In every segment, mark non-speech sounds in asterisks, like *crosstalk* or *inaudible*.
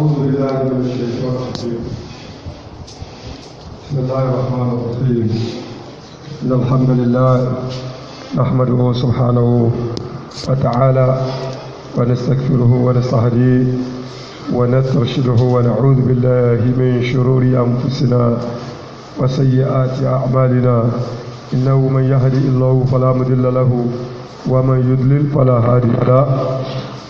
أعوذ بالله من الشيطان الرجيم بسم الله الرحمن الرحيم إن الحمد لله نحمده سبحانه وتعالى ونستغفره ونستهديه ونسترشده ونعوذ بالله من شرور أنفسنا وسيئات أعمالنا إنه من يهدي الله فلا مضل له ومن يضلل فلا هادي له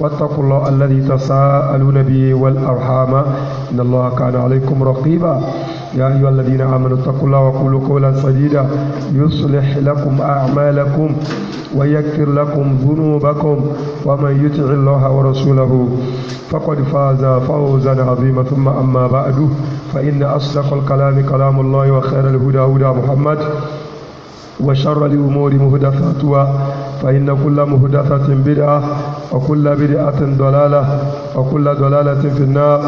واتقوا الله الذي تساءلون به والأرحام إن الله كان عليكم رقيبا يا أيها الذين آمنوا اتقوا الله وقولوا قولا سديدا يصلح لكم أعمالكم ويكفر لكم ذنوبكم ومن يطع الله ورسوله فقد فاز فوزا عظيما ثم أما بعد فإن أصدق الكلام كلام الله وخير الهدى هدى محمد وشر الأمور مهدفاتها فإن كل مهدثة بدعة وكل بدعة ضلالة وكل ضلالة في النار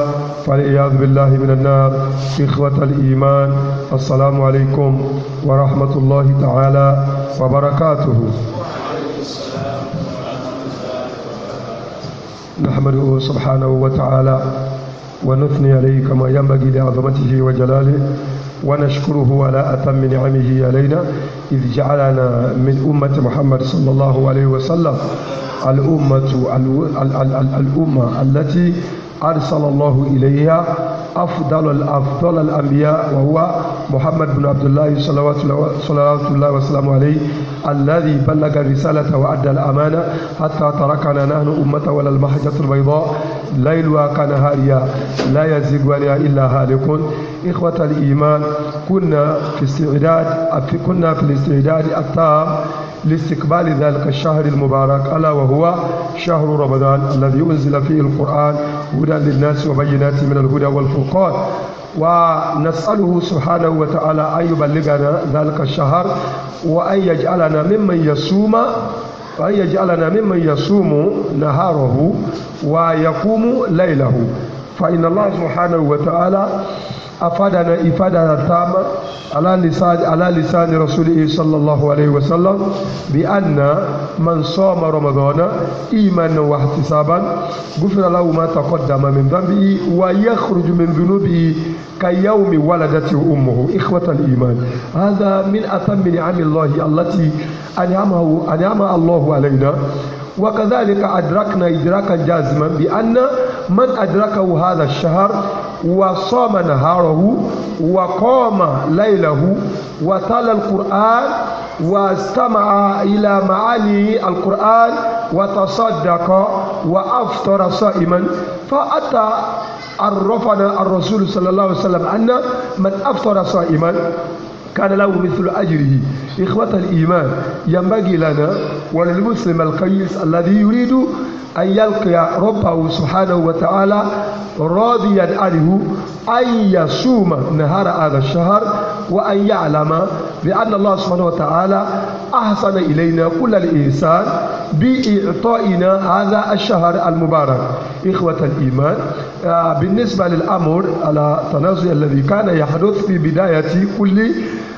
فالعياذ بالله من النار إخوة الإيمان السلام عليكم ورحمة الله تعالى وبركاته نحمده سبحانه وتعالى ونثني عليه كما ينبغي لعظمته وجلاله ونشكره على أتم نعمه علينا إذ جعلنا من أمة محمد صلى الله عليه وسلم الأمة الأمة التي أرسل الله إليها أفضل الأفضل الأنبياء وهو محمد بن عبد الله صلوات الله وسلامه عليه الذي بلغ الرسالة وأدى الأمانة حتى تركنا نحن أمة ولا المحجة البيضاء ليلها كنهارها لا يزيد عليها إلا هالكون إخوة الإيمان كنا في استعداد كنا في الاستعداد التام لاستقبال ذلك الشهر المبارك ألا وهو شهر رمضان الذي أنزل فيه القرآن هدى للناس وبينات من الهدى والفرقان ونسأله سبحانه وتعالى أن يبلغنا ذلك الشهر وأن يجعلنا ممن يصوم وأن يجعلنا ممن يصوم نهاره ويقوم ليله فإن الله سبحانه وتعالى afadana ifadana tama ala lisan ala lisan rasulihi sallallahu alayhi wa sallam bi anna man soma ramadana imanan wa ihtisaban gufira lahu ma taqaddama min dhanbihi wa yakhruju min dhunubihi كيوم ولدته أمه إخوة الإيمان هذا من أتم نعم الله التي أنعمه أنعم الله علينا وكذلك أدركنا إدراكا جازما بأن من أدركه هذا الشهر وصام نهاره وقام ليله وتلا القرآن واستمع إلى معاني القرآن وتصدق وأفطر صائما فأتى عرفنا الرسول صلى الله عليه وسلم أن من أفطر صائما كان له مثل أجره إخوة الإيمان ينبغي لنا وللمسلم القيس الذي يريد أن يلقي ربه سبحانه وتعالى راضيا عنه أن يصوم نهار هذا الشهر وأن يعلم بأن الله سبحانه وتعالى أحسن إلينا كل الإنسان بإعطائنا هذا الشهر المبارك إخوة الإيمان آه، بالنسبة للأمر على التنازل الذي كان يحدث في بداية كل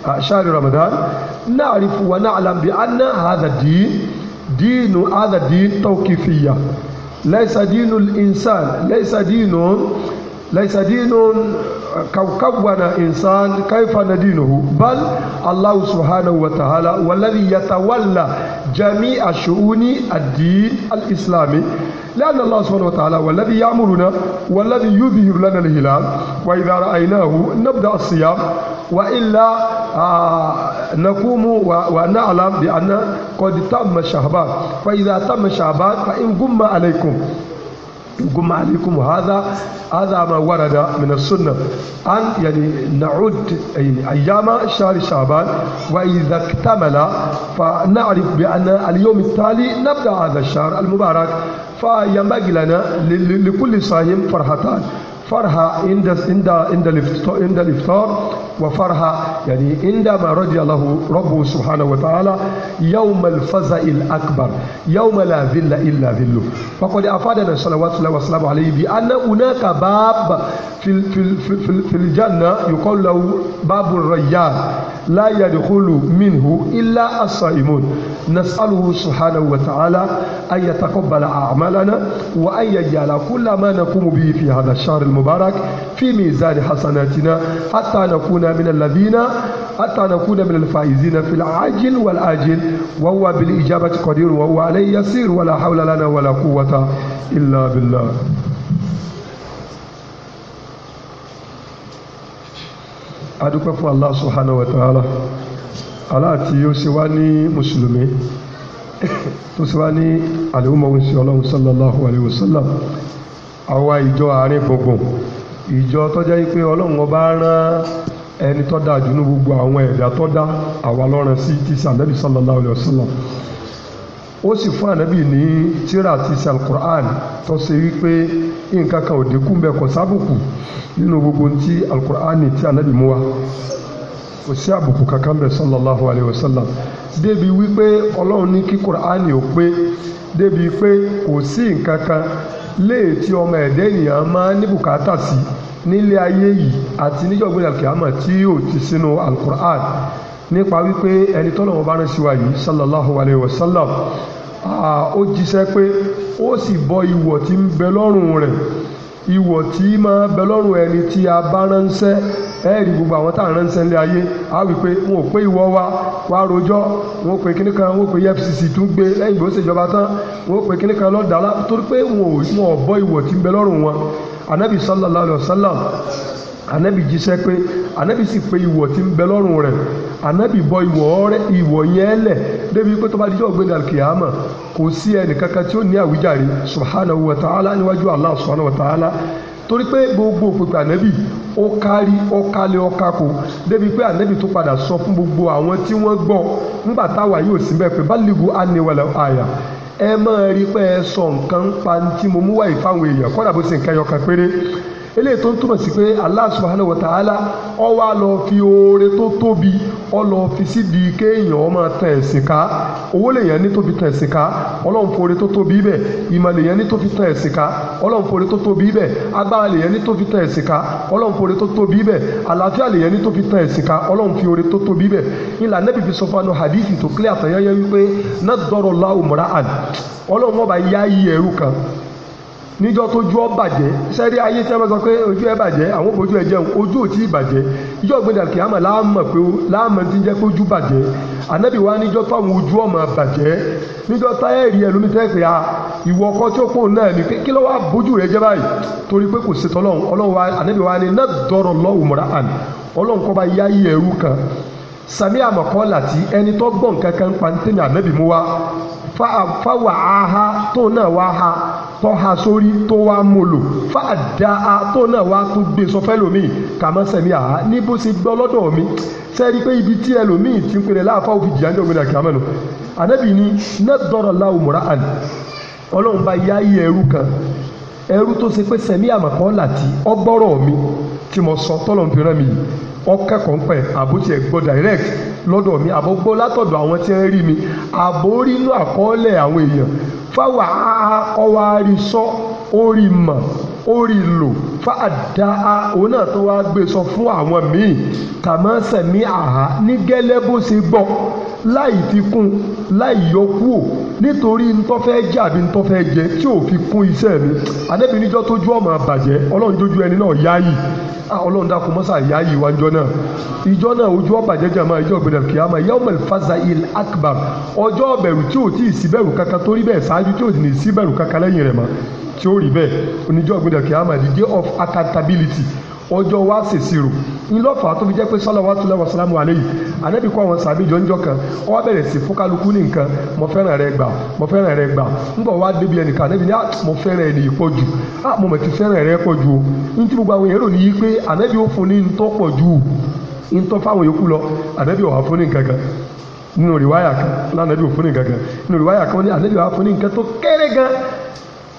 آه، شهر رمضان نعرف ونعلم بأن هذا الدين دين هذا الدين توقيفية ليس دين الإنسان ليس دين ليس دين كوكبنا إنسان كيف ندينه بل الله سبحانه وتعالى والذي يتولى جميع شؤون الدين الإسلامي لأن الله سبحانه وتعالى والذي يأمرنا والذي يظهر لنا الهلال وإذا رأيناه نبدأ الصيام وإلا آه نقوم ونعلم بأن قد تم شعبان فإذا تم شعبان فإن قم عليكم قم عليكم هذا هذا ما ورد من السنة أن يعني نعد أيام شهر شعبان وإذا اكتمل فنعرف بأن اليوم التالي نبدأ هذا الشهر المبارك فينبغي لنا لكل صائم فرحتان فرحة عند عند عند الإفطار وفرحة يعني عندما رضي له ربه سبحانه وتعالى يوم الفزع الأكبر يوم لا ذل إلا ذله فقد أفادنا صلوات الله وسلامه عليه بأن هناك باب في, في, في, في الجنة يقال له باب الريان لا يدخل منه إلا الصائمون نسأله سبحانه وتعالى أن يتقبل أعمالنا وأن يجعل كل ما نقوم به في هذا الشهر المبارك في ميزان حسناتنا حتى نكون من الذين حتى من الفائزين في العاجل والآجل وهو بالإجابة قدير وهو عليه يسير ولا حول لنا ولا قوة إلا بالله adúpẹ́ fún Allah subhanahu wa ta'ala aláàtí yóò ṣe wá ní mùsùlùmí *coughs* tó ṣe wá ní àlèhùnmọ̀hún sí ọlọ́run sallallahu alayhi wa sallam àwa ìjọ àárín gbùngbùn ìjọ tọ́já yìí pé ọlọ́run ọba rán ẹni tó dáa jù ní gbogbo àwọn ẹ̀dá tó dá àwa lọ́rùn sí ti sànẹ́bí sallallahu alayhi wa sallam ó sì fún ànábì ní tíra ti salquran tó ṣe wípé nǹkan kan ò dínkù bẹ́ẹ̀ kò sábùkù nínú gbogbo ti alquran ti ànábì mú wa kò sí àbùkù kankan bẹ́ẹ̀ sallallahu alayhi wa débi wípé ọlọ́run ní ò pé débi pé kò sí nǹkan kan léè tí ọmọ ènìyàn máa ní bùkátà sí nílé ayé yìí àti níjọ̀gbìn alkiyama tí yóò ti sínú alukur'an nípa wípé ẹni tọ́lọ́wọ́ bá rán sí wa yìí sallallahu alayhi wa sallam ó jíṣẹ́ pé ó sì bọ́ ìwọ̀ tí ń bẹ lọ́rùn rẹ̀ ìwọ̀ tí máa bẹ lọ́rùn ẹni tí a bá ránṣẹ́ ẹ̀rí gbogbo àwọn tá à ń ránṣẹ́ ńlẹ̀ ayé á wí pé wọn ò pé ìwọ wa wá rojọ́ wọn ò pé kíní kan wọn ò pé EFCC tún gbé lẹ́yìn bó ṣèjọba tán wọn ò pé kíní kan lọ́dàá torí pé wọn ò bọ́ ìwọ̀ tí ń bẹ lọ́rùn wọn anabi sallallahu alayhi wa sallam anabi jíṣẹ́ pé anabi sì pé ìwọ̀ tí ń bẹ lọ́rùn rẹ̀ anabi bọ ìwọ̀ rẹ̀ ìwọ̀ yẹn lẹ̀ débi pé tó bá dijọ́ gbé dàlkìyàmà kò sí ẹnìkankan tí ó ní àwíjàre subhanahu wa ta'ala níwájú allah subhanahu wa ta'ala torí pé gbogbo òpèpè ànábì ó kárí ó kálé ó kákó débi pé ànábì tó padà sọ fún gbogbo àwọn tí wọ́n gbọ́ ńgbà táwa yóò sí bẹ́ẹ̀ pé bá lè wo àníwẹ̀lẹ̀ àyà ẹ máa rí pé ẹ sọ nǹkan ń pa tí mo mú wáyé fáwọn èèyàn kọ́dà bó ti nǹkan ẹyọ kan péré eléyìí tó ń túmọ̀ sí pé Allah subhanahu wa ta'ala ó wá lọ fi oore tó tóbi ó lọ fi síbi kéèyàn ó máa tàn ẹ̀sìn ká owó lèèyàn ní tó fi tàn ẹ̀sìn ká ọlọ́run foore tó tóbi bẹ̀ ìmọ̀ lèèyàn ní tó fi tàn ẹ̀sìn ká ọlọ́run foore tó tóbi bẹ̀ agbára lèèyàn ní tó fi tàn ẹ̀sìn ká ọlọ́run foore tó tóbi bẹ̀ àlàáfíà lèèyàn ní tó fi tàn ẹ̀sìn ọlọ́run fi oore tó tóbi bẹ̀ ìlànà Nábì fi sọ fún hadithi tó kílẹ̀ àtàyẹ́yẹ́ wípé náà dọ̀rọ̀ láwùmọ́ra níjọ́ tó ju ọ bàjẹ́ sẹ́rí ayé tí wọ́n sọ pé ojú ẹ bàjẹ́ àwọn ojú ẹ jẹun ojú ò tí ì bàjẹ́ ìjọ gbẹdẹ kìámà láàmọ̀ pé láàmọ̀ ti jẹ́ pé ojú bàjẹ́ ànábì wa níjọ́ táwọn ojú ọmọ bàjẹ́ níjọ́ táyẹ̀rì ẹ̀ lómi tẹ́ẹ̀pẹ́ a ìwọ ọkọ tí ó pò náà ni kí ló wá bójú rẹ jẹ́ báyìí torí pé kò ṣe tọ́lọ́run ọlọ́run wa ànábì wa ni náà dọ̀rọ̀ lọ́wọ́ mọ́ra àná ọlọ́run kọ́ bá yáyí ẹ̀rú kan sami àmọ̀kọ́ fáwà aha tó náà wá ha tó ha sórí tó wá molo fáàdá a tó náà wá tó gbé sọfẹ́ lòmíì kàmọ́ sẹ̀mí àhá ní bó ṣe gbọ́ lọ́dọ̀ mi sẹ́ẹ̀rí pé ibi tí ẹlòmíì ti ń pèrè láàfáà òfin jìyà ń jọ gbẹdà kàmọ́ nù ànábì ni nẹ́ẹ̀dọ́rọ̀ láwùmọ̀rá àná ọlọ́run bá yá yí ẹrú kan ẹrú tó ṣe pé sẹ̀mí àmọ̀kọ́ làtì ọgbọ́rọ̀ mi tí mo sọ tọ́lọ̀ ń fi rán mi yìí wọ́n kẹ́kọ̀ọ́ ń pẹ̀ àbótí gbọ́ direct lọ́dọ̀ mi àbó gbọ́ látọ̀dọ̀ àwọn tí ń rí mi àbó rí inú àkọọ́lẹ̀ àwọn èèyàn fáwa ọwọ́ àárí sọ orí mọ̀ orí lò fáadà òun náà tó wá gbé sọ fún àwọn míì kàmọ́ sẹ̀mí àhá ní gẹ́lẹ́ bó ṣe gbọ́ láì fi kún láì yọ kúò nítorí ntọ́fẹ́ jẹ àbí ntọ́fẹ́ jẹ tí ò fi kún iṣẹ́ mi ànábì níjọ́ tójú ọmọ àbàjẹ́ ọlọ́run jójú ẹni náà yáyì ọlọ́run dákun mọ́sá yáyì wá njọ́ náà ìjọ náà ojú ọbàjẹ́ jẹ́ máa ìjọ ìgbìnà kìámà yawmal fazail akbar ọjọ́ ọbẹ̀rù tí ò tí ì sí bẹ̀rù kankan torí bẹ́ẹ̀ ṣáájú tí ò ní sí bẹ̀rù kankan lẹ́yìn rẹ̀ mọ́ tí ó rí bẹ́ẹ̀ oníjọ́ ìgbìnà kìámà the day of accountability ọjọ́ wa ṣèṣirò ńlọ́fà tó fi jẹ́ pé sọ́lọ́wọ́ tó lọ́wọ́ sálámù aleyhi anábì kọ́ àwọn sàbíjọ ńjọ́ kan ó wá bẹ̀rẹ̀ sí fún kálukú ní nǹkan mo fẹ́ràn rẹ gbà mo fẹ́ràn rẹ gbà ńbọ̀ wá débi ẹnìkan anábì ní ah, mo fẹ́ràn ẹni pọ̀ jù ah, mo mọ̀ ti fẹ́ràn rẹ pọ̀ jù o ntí gbogbo àwọn èrò nìyí pé anábì ó fún ní ntọ́ pọ̀ jù ntọ́ fáwọn yòókù lọ anábì ó nínú rìwáyà kan lánàbì ò fún ní kan nínú rìwáyà kan ní anábì ó ní nǹkan tó kéré gan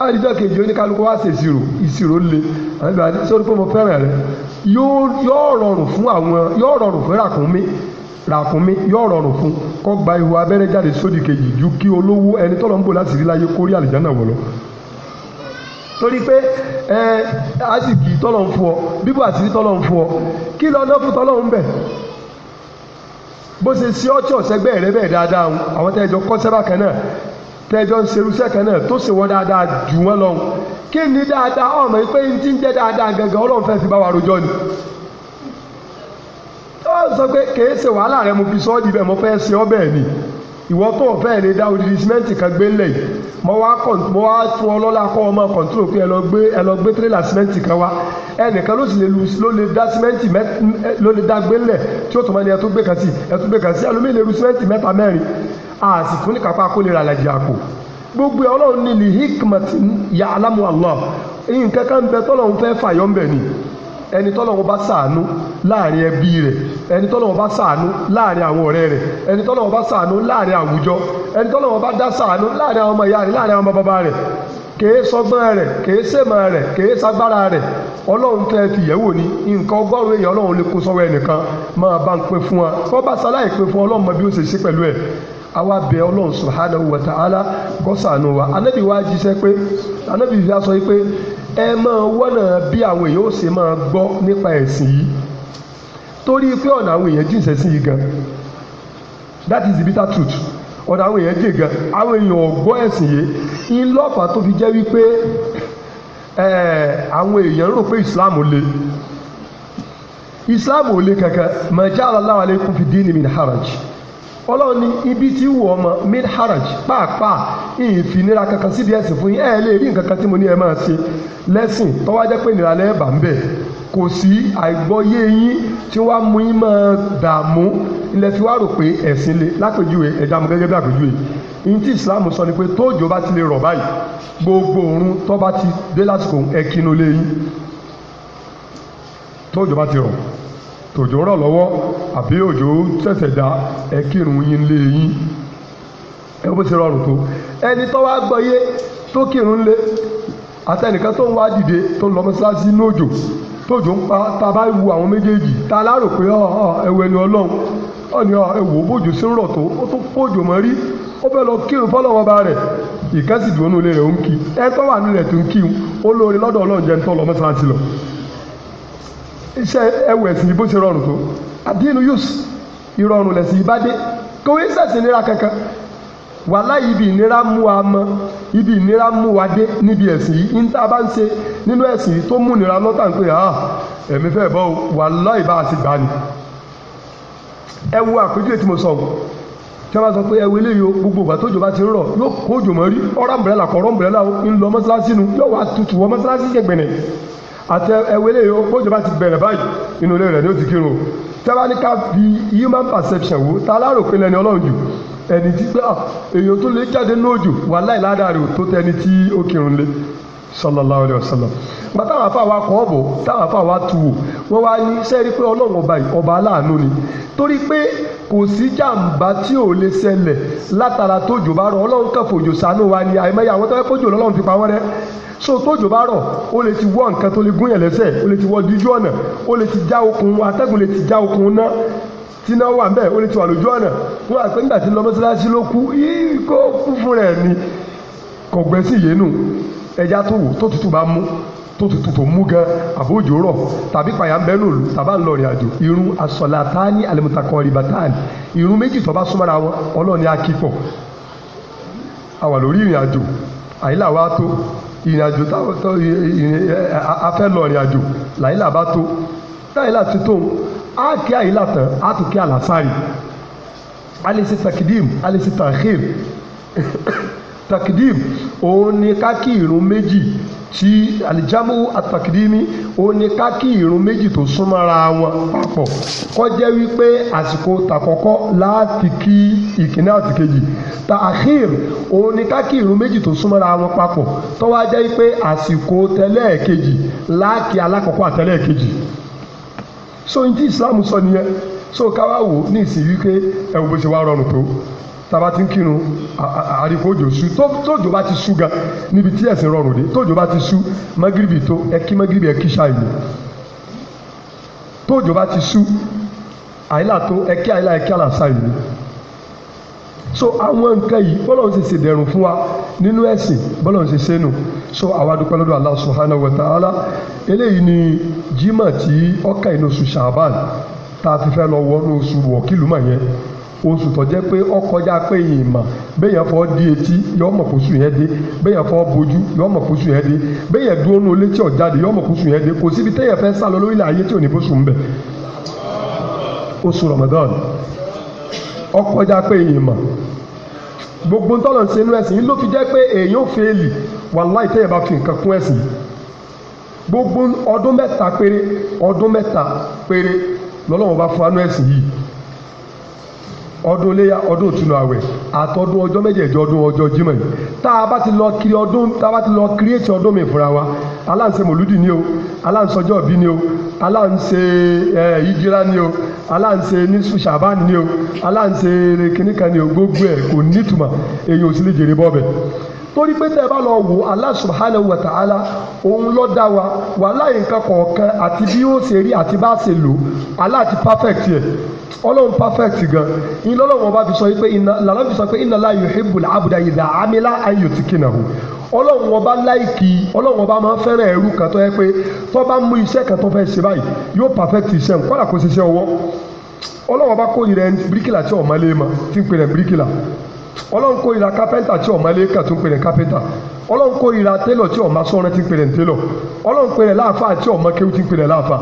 àdìjọ́ kejì oníkálukú wá ṣe ìṣirò ìṣirò le àbí àti sọ́dún pé mo fẹ́ràn rẹ yóò rọrùn fún àwọn yóò rọrùn fún ràkúnmí ràkúnmí yóò rọrùn fún kó gba ihò abẹ́rẹ́ jáde sódì kejì ju kí olówó ẹni tọ́lọ́ ń bò láti rí láyé kórí àlìjáná wọ̀ lọ torí pé ẹ àsìkì tọ́lọ̀ ń fún ọ bíbọ̀ àsìkì tọ́lọ̀ ń fún ọ kí lọ ná fún tọ́lọ̀ ń bẹ̀ bó ṣe sí ọ́ tí ọ̀sẹ́gbẹ́ rẹ bẹ́ẹ̀ dáadáa àwọn tẹ́jọ kọ́ sẹ́bà kan náà tẹ́jọ́ ń ṣerú sẹ́kàn náà tó ṣe wọ́n dáadáa jù wọ́n lọ kí ni dáadáa ọmọ yìí pé ti ń jẹ́ dáadáa gangan ọlọ́run fẹ́ fi bá wa rojọ́ ni. ó sọ pé kèé ṣe wàhálà rẹ mo fi sọ ọ́ di bẹ́ẹ̀ mo fẹ́ ṣe ọ́ bẹ́ẹ̀ ni ìwọ tó fẹ́ lè dá odidi simẹ́ǹtì kan gbé ńlẹ̀ yìí mo wá fún ọ lọ́la kọ́ ọmọ kọ̀ǹtúrò pé ẹ lọ gbé ẹ lọ gbé tírélà simẹ́ǹtì kan wá ẹnìkan ló sì lè lu ló lè dá simẹ́ǹtì mẹ́ ló lè dá gbé ńlẹ̀ tí ó tún mọ́ ni ẹ tún gbé kan sí ẹ tún gbé kan sí ẹlòmíì lè lu simẹ́ǹtì mẹ́ta mẹ́rin àsìkò ní kápá kó lè ra àlàjì àpò gbogbo ọlọ́run ní lihikmatin ya'lamu Allah nǹkan kan bẹ tọ́lọ́run fẹ́ fàyọ́ ń bẹ̀ ni ẹni tọ́lọ́run bá ṣàánú láàrin ẹbí rẹ̀ ẹni tọ́lọ́run bá ṣàánú láàrin àwọn ọ̀rẹ́ rẹ̀ ẹni tọ́lọ́run bá ṣàánú láàrin àwùjọ ẹni tọ́lọ́run bá dá ṣàánú láàrin àwọn ọmọ ìyá rẹ̀ láàrin àwọn ọmọ bàbá rẹ̀ kèé sọgbọ́n rẹ̀ kèé sèmọ̀ rẹ̀ kèé sagbára rẹ̀ ọlọ́run tẹ́ ti yẹ̀wò ni nǹkan ọgọ́rùn-ún èèyàn ọlọ́run lè kó sọ́wọ́ ẹnìkan máa bá ń pè fún wa wọ́n bá sáláì pè fún ọlọ́run mọ bí ó ṣe ṣe pẹ̀lú ẹ̀ àwa bẹ̀ ọlọ́run subhanahu wa ta'ala kó wa anábì jíṣẹ́ pé anábì fi yìí pé ẹ máa wọ́nà bí àwọn èèyàn ó ma máa gbọ́ nípa ẹ̀sìn yìí torí pé ọ̀nà àwọn èèyàn jìn sẹ́sìn that is the bitter truth ọ̀nà àwọn èèyàn jìn gan àwọn èèyàn esi ẹ̀sìn yìí to fi jẹ́ wípé àwọn èèyàn rò pé Islam le Islam ò le kankan mọ̀já aláwọ̀ alaikum fi dín ní haraj. ọlọ́run ní ibi tí wù ọmọ mid haraj pàápàá ìfinira kankan síbi ẹ̀sìn fún yín ẹ̀ lè rí nǹkan kan tí mo ní ẹ máa ṣe lẹ́sìn tọ́wọ́ jẹ́ pé ìnira lẹ́ẹ̀bà ń bẹ̀ kò sí àìgbọ́yé yín tí wàá mú yín máa dààmú ilẹ̀ fi wá rò pé ẹ̀sìn le lápèjúwe ẹ̀dá mu gẹ́gẹ́ bí àpèjúwe ìyìn tí Islam sọ ni pé tóòjò bá ti lè rọ̀ báyìí gbogbo òórùn tó bá ti dé lásìkò ẹ̀kínú lé yín tóòjò bá ti rọ̀ òjò rọ̀ lọ́wọ́ àbí òjò ṣẹ̀ṣẹ̀ dá ẹ kírun yín lé yín ẹ bó ṣe rọrùn tó ẹni tó wá gbọ́ yé tó kírun lé àtẹnìkan tó ń wá dìde tó ń lọ mọ́ṣáláṣí lójò tójò ń pa tá a bá wu àwọn méjèèjì tá a lárò pé ọ ọ ẹwẹ ni Ọlọ́run ọ ni ọ ẹwò bójú sí ń rọ̀ tó ó tún pójò mọ́ rí ó fẹ́ lọ kírun fọlọ́wọ́n ba rẹ̀ ìkẹ́sìdùn onú ilé rẹ̀ ó ń kí ẹ tó wà nílẹ̀ tó ń kí ó lóore lọ́dọ̀ Ọlọ́run jẹ́ ń tọ́ lọ mọ́ṣáláṣí lọ iṣẹ́ ẹwù ẹ̀sìn yìí bó ṣe rọrùn tó àdínú yus ìrọ̀rùn lẹ̀sìn yìí bá dé kò í sẹ̀sìn nira kankan wàhálà ibi ìnira mú wa mọ ibi ìnira mú wa dé níbi ẹ̀sìn yìí níta bá ń ṣe nínú ẹ̀sìn yìí tó mú nira lọ́tà ń pè á ah, ẹ̀mí fẹ́ bọ́ wàhálà ìbá àti gbà ni ẹ wo àpèjúwe tí mo sọ ọ́ tí wọ́n bá sọ pé ẹ wo eléyìí o gbogbo ìgbà tójò bá ti rọ̀ yóò kó òjò mọ́ rí ọ̀rọ̀ àmbrẹ́là kọ̀ọ̀rọ̀ àmbrẹ́là ń lọ mọ́ṣáláṣí nu yóò wá tutù wọ mọ́ṣáláṣí kẹgbẹ̀nẹ̀ àti ẹwẹlẹ yìí kójú bá ti bẹ̀rẹ̀ báyìí inú ilé rẹ̀ ni ó ti kírun tẹ́wá ní ká fi human perception wò tá a lárò pé lẹ́ni ọlọ́run jù ẹni tí pé èèyàn tó lè jáde lóòjù wà láì ládàá rẹ̀ tó tẹni tí ó kírun lé sallallahu alayhi wa sallam gba táwọn afa wa kọ́ bọ̀ táwọn afa wa tu wò wá ní sẹ́ẹ̀rí pé ọlọ́run ọba yìí ọba aláàánú ni torí pé kò sí jàǹbá tí ò lè ṣẹlẹ̀ látara tójò bá rọ̀ ọlọ́run kàn fòjò ṣàánú wa ni àìmọye àwọn tó fẹ́ kójò lọ́lọ́run fi pa wọ́n rẹ́ so tójò bá rọ̀ ó lè ti wọ́ nǹkan tó lè gún yẹn lẹ́sẹ̀ ó lè ti wọ́ díjú ọ̀nà ó lè ti já okùn atẹ́gùn lè ti já okùn ná tíná wà ń bẹ̀ ó lè ti wà lójú ọ̀nà wọn àpé nígbà tí lọ́mọ́sálásí ló kú kó kú fún rẹ̀ ni kọ̀gbẹ́sì yéénù ẹja tó wò tó tutù bá mú tó tutù tó mú gan àbójò rọ̀ tàbí pàyà ń bẹ́ lòlù tàbá ń lọ rìn àjò irun asọ̀làtàní alimutakọ̀rìbàtàní irun méjì tó bá súnmọ́ra wọn ọlọ́ọ̀ni akípọ̀ àwà lórí ìrìn àjò àyílà wa tó ìrìn àjò tó afẹ́ lọ rìn àjò làyílà bá tó táyílà ti tó á kí àyílà tán á tún kí àlàsárì alẹ́ sí takidim alẹ́ sí takhir takidim òun ni ká kí irun méjì tí alijamu atakidimi òun ni ká kí irun méjì tó súnmọ́ra wọn papọ̀ kó jẹ́ wípé àsìkò tàkọ́kọ́ láti kí ìkíní àti kejì ta akhir òun ni ká kí irun méjì tó súnmọ́ra wọn papọ̀ tó wá jẹ́ wípé àsìkò tẹ́lẹ̀kejì láàkì alákọ̀ọ́kọ́ àtẹ́lẹ̀kejì so ní ti Islam sọ nìyẹn so ká wá wò ní ìsìn wípé ẹ̀ wò bó ṣe wá rọrùn tó taba ti ń kírun àrífòjò su tójò bá ti su gan níbi tí ẹ̀sìn rọrùn dé tójò bá ti su magiribi tó ẹkí magiribi ẹkí ṣáìlì tójò bá ti su àyílà tó ẹkí àyílà ẹkí àlàsà so àwọn nǹkan yìí bọ́lọ́run ṣe ṣèdẹ̀rùn fún wa nínú ẹ̀sìn bọ́lọ́run ṣe ṣẹ́nu so àwa dúpẹ́ lọ́dọ̀ Allah subhanahu wa ta'ala eléyìí ni jimá tí ọkà inú oṣù Ṣàbàn tá a ti fẹ́ lọ wọnú oṣù wọ̀kìlú mọ̀ yẹn oṣù tó jẹ́ pé ó kọjá pé ìmọ̀ bẹ́yẹn fọ́ di etí yọ mọ̀ kóṣù yẹn dé bẹ́yẹn fọ́ bojú yọ mọ̀ kóṣù yẹn dé bẹ́yẹn dúró nu ilé tí ò jáde yọ mọ̀ kóṣù yẹn dé kò síbi téèyàn fẹ́ sá lọ lórílẹ̀ ayé tí ò ní bóṣù ń bẹ̀ oṣù Ramadan ó kọjá pé ìmọ̀ gbogbo ntọ́lọ̀ ń ṣe inú ẹ̀sìn yìí ló fi jẹ́ pé èèyàn fèèlì wàláì téèyàn bá fi nǹkan kún ẹ̀sìn yìí gbogbo ọdún mẹ́ta péré ọdún mẹ́ta péré lọ́lọ́wọ́ bá fún anú ẹ̀sìn yìí ọdún iléyà ọdún ìtúnu àwẹ̀ àtọdún ọjọ́ méjèèjì ọdún ọjọ́ jímọ̀ yìí tá a bá ti lọ kiri ọdún tá a bá ti lọ kírètì ọdún mi fúnra wa aláǹsẹ mòlúdì ni o aláǹsọjọ́ òbí ni o aláǹsẹ ẹ ìjírá ni o aláǹsẹ nísù sàbáàni ni o aláǹsẹ kìnìkan ni o gbogbo ẹ kò nítumọ̀ èyí ò sì lè jèrè bọ́ọ̀bẹ̀ torí pé tẹ́ ẹ bá lọ wò Allah subhanahu wa ta'ala òun ló dá wa wàhálà nǹkan kọ̀ọ̀kan àti bí ó ṣe rí àti bá ṣe lò Allah ti perfect yẹ ọlọ́run perfect gan ni lọ́lọ́run ọba fi sọ pé iná làlọ́ fi sọ pé inna la yuhibbul abda idha amila an yutkinahu ọlọ́run ọba láìkì ọlọ́run ọba máa ń fẹ́ràn ẹrú kan tó yẹ pé tó bá mú iṣẹ́ kan tó fẹ́ ṣe báyìí yóò perfect iṣẹ́ n kọ́dà kó ṣiṣẹ́ ọwọ́ ọlọ́run ọba kórìíra ẹni bíríkìlà tí ọ̀ ọlọ́run kórìíra kápẹ́ntà tí ọ̀ma ẹlẹ́kà tún pèrè kápẹ́ntà ọlọ́run kórìíra télọ̀ tí ọ̀ma sọ́ọ́rẹ́ ti pèrè télọ̀ ọlọ́run pèrè láàfà tí ọ̀ma kéwù ti pèrè láàfà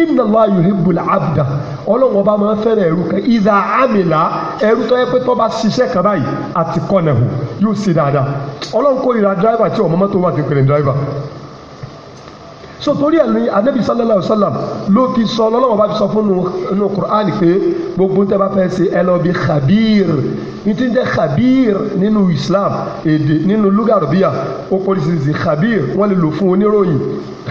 ìnàlá yuhibbul abda ọlọ́run ọba máa ń fẹ́rẹ̀ ẹ̀rú kan ìdá àmìlá ẹ̀rú tó yẹ pé tó bá ṣiṣẹ́ kan báyìí àti kọ́nẹ̀hù yóò ṣe dáadáa ọlọ́run kórìíra dráìvà tí ọ̀ma mọ́tò wà ti pèrè dráìvà so torí ẹ̀ ní anabi sallallahu alayhi wa sallam ló fi sọ lọ́lọ́wọ́ bá fi sọ fún inú Qur'an pé gbogbo tẹ́ bá fẹ́ ṣe ẹ lọ bí khabir ní ti khabir nínú Islam èdè nínú lugarbiya ó polisi khabir wọ́n lè lò fún oníròyìn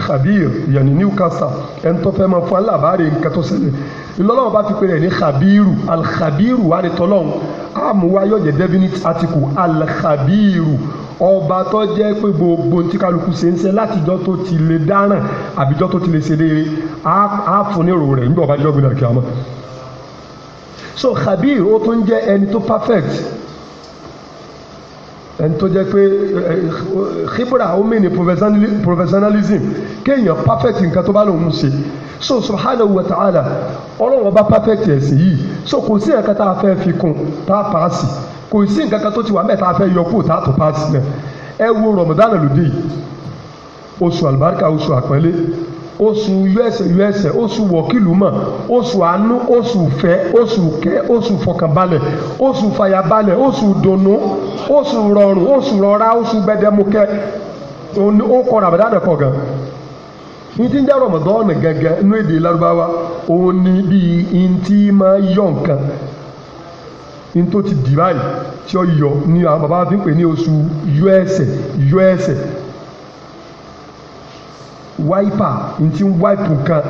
khabir yanni newcastle ẹni tó fẹ́ máa fún alábàárẹ̀ nǹkan tó ṣẹlẹ̀ ìlọ́lọ́wọ́ bá fi pè rẹ̀ ní khabiru alkhabiru wa ni tọ́lọ́hún àmúwáyọ̀jẹ̀ definite article alkhabiru ọba tó jẹ́ pé gbogbo tí kálukú ṣe ń ṣe látijọ́ tó ti lè dáràn àbíjọ́ tó ti lè ṣe déere á fún ní èrò rẹ̀ nígbà ọba jọ́gbìn àkíyà mọ́. so khabir ó tún jẹ́ ẹni tó perfect ẹni tó jẹ́ pé eh, eh, khibra ó mìíní professionalism kéèyàn perfect nǹkan tó bá lòun ṣe. so subhanahu wa ta'ala ọlọ́run ọba perfect ẹ̀sìn yìí so kò sí nǹkan tá a fẹ́ fi tá paasi kò sí nǹkan kan ti wà mẹ́ẹ̀ tá a fẹ́ yọ kó paasi náà ẹ wo Ramadan lòdì yìí oṣù àlùbáríkà oṣù àpọ́nlé oṣù uẹsẹ uẹsẹ oṣù wọkìlùmọ oṣù àánú oṣù fẹ́ oṣù kẹ́ oṣù fọkànbalẹ̀ oṣù fàyàbalẹ̀ oṣù oṣù rọrùn oṣù rọra oṣù gbẹdẹmukẹ kọ Ramadan ìdí ń jẹ́ rọ̀mọ̀dọ́ọ̀nù gẹ́gẹ́ inú èdè lárúbáwá òun ni bíi ntí máa yọ nǹkan ntó ti dì báyìí tí ó yọ ni àwọn bàbá fi ń pè ní oṣù yọ ẹsẹ̀ yọ ẹsẹ̀ wáìpà ntí ń wáìpù nǹkan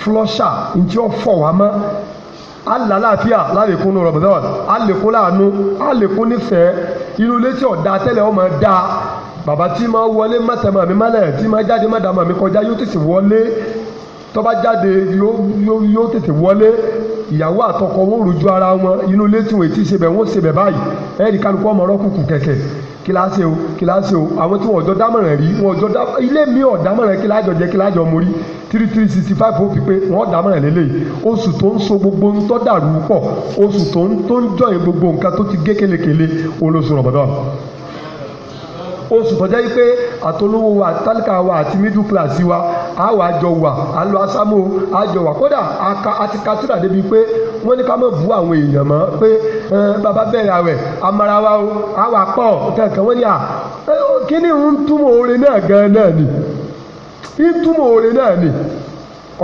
flọ́ṣà ntí ó fọ̀ wá mọ́ alàlàáfíà lálẹ́kún ní rọ̀mọ̀dọ́ọ̀nù alẹ́kún láàánú nífẹ̀ẹ́ inú ilé tí ọ̀dà tẹ́lẹ̀ ọmọ dáa bàbá tí máa wọlé mọ́tẹ́mọ́ mi mọ́lẹ̀ tí ma jáde mọ́dàmọ́ mi kọjá yóò tètè wọlé tó bá jáde yóò tètè wọlé ìyàwó àtọkọ wọn rojú ara wọn inú ilé tí wọn ti ṣe bẹ wọn ṣe bẹ báyìí ẹnì kálukú ọmọ ọ̀rọ̀ kùkù kẹ̀kẹ́ kíláàsì o kíláàsì o àwọn tí wọn ọjọ dámọ̀ràn rí wọn ọjọ dámọ̀ràn ilé mi ò dámọ̀ràn kíláàjọ jẹ kíláàjọ mórí three three sixty five ó fi pé wọn dámọ̀ràn lélẹ́yìí oṣù tó ń so gbogbo ń tọ́ dàrú pọ̀ oṣù tó ń tó ń jọyìn gbogbo nǹkan tó ti gé kelekele olóṣù rọ̀bọ̀dọ̀ oṣù tọ́já yìí pé àtolówó wa àtàlíkà wa àti middle class wa a wà jọ wà a lọ asámò a jọ wà kódà a ti ka tíra débi pé wọ́n ní ká má bú àwọn èèyàn mọ́ pé bàbá bẹ̀rẹ̀ àwẹ̀ amara wa o a wà pọ̀ kẹ̀kẹ́ wọ́n ní à kíní ń túmọ̀ orin náà gan náà ni ń túmọ̀ orin náà ni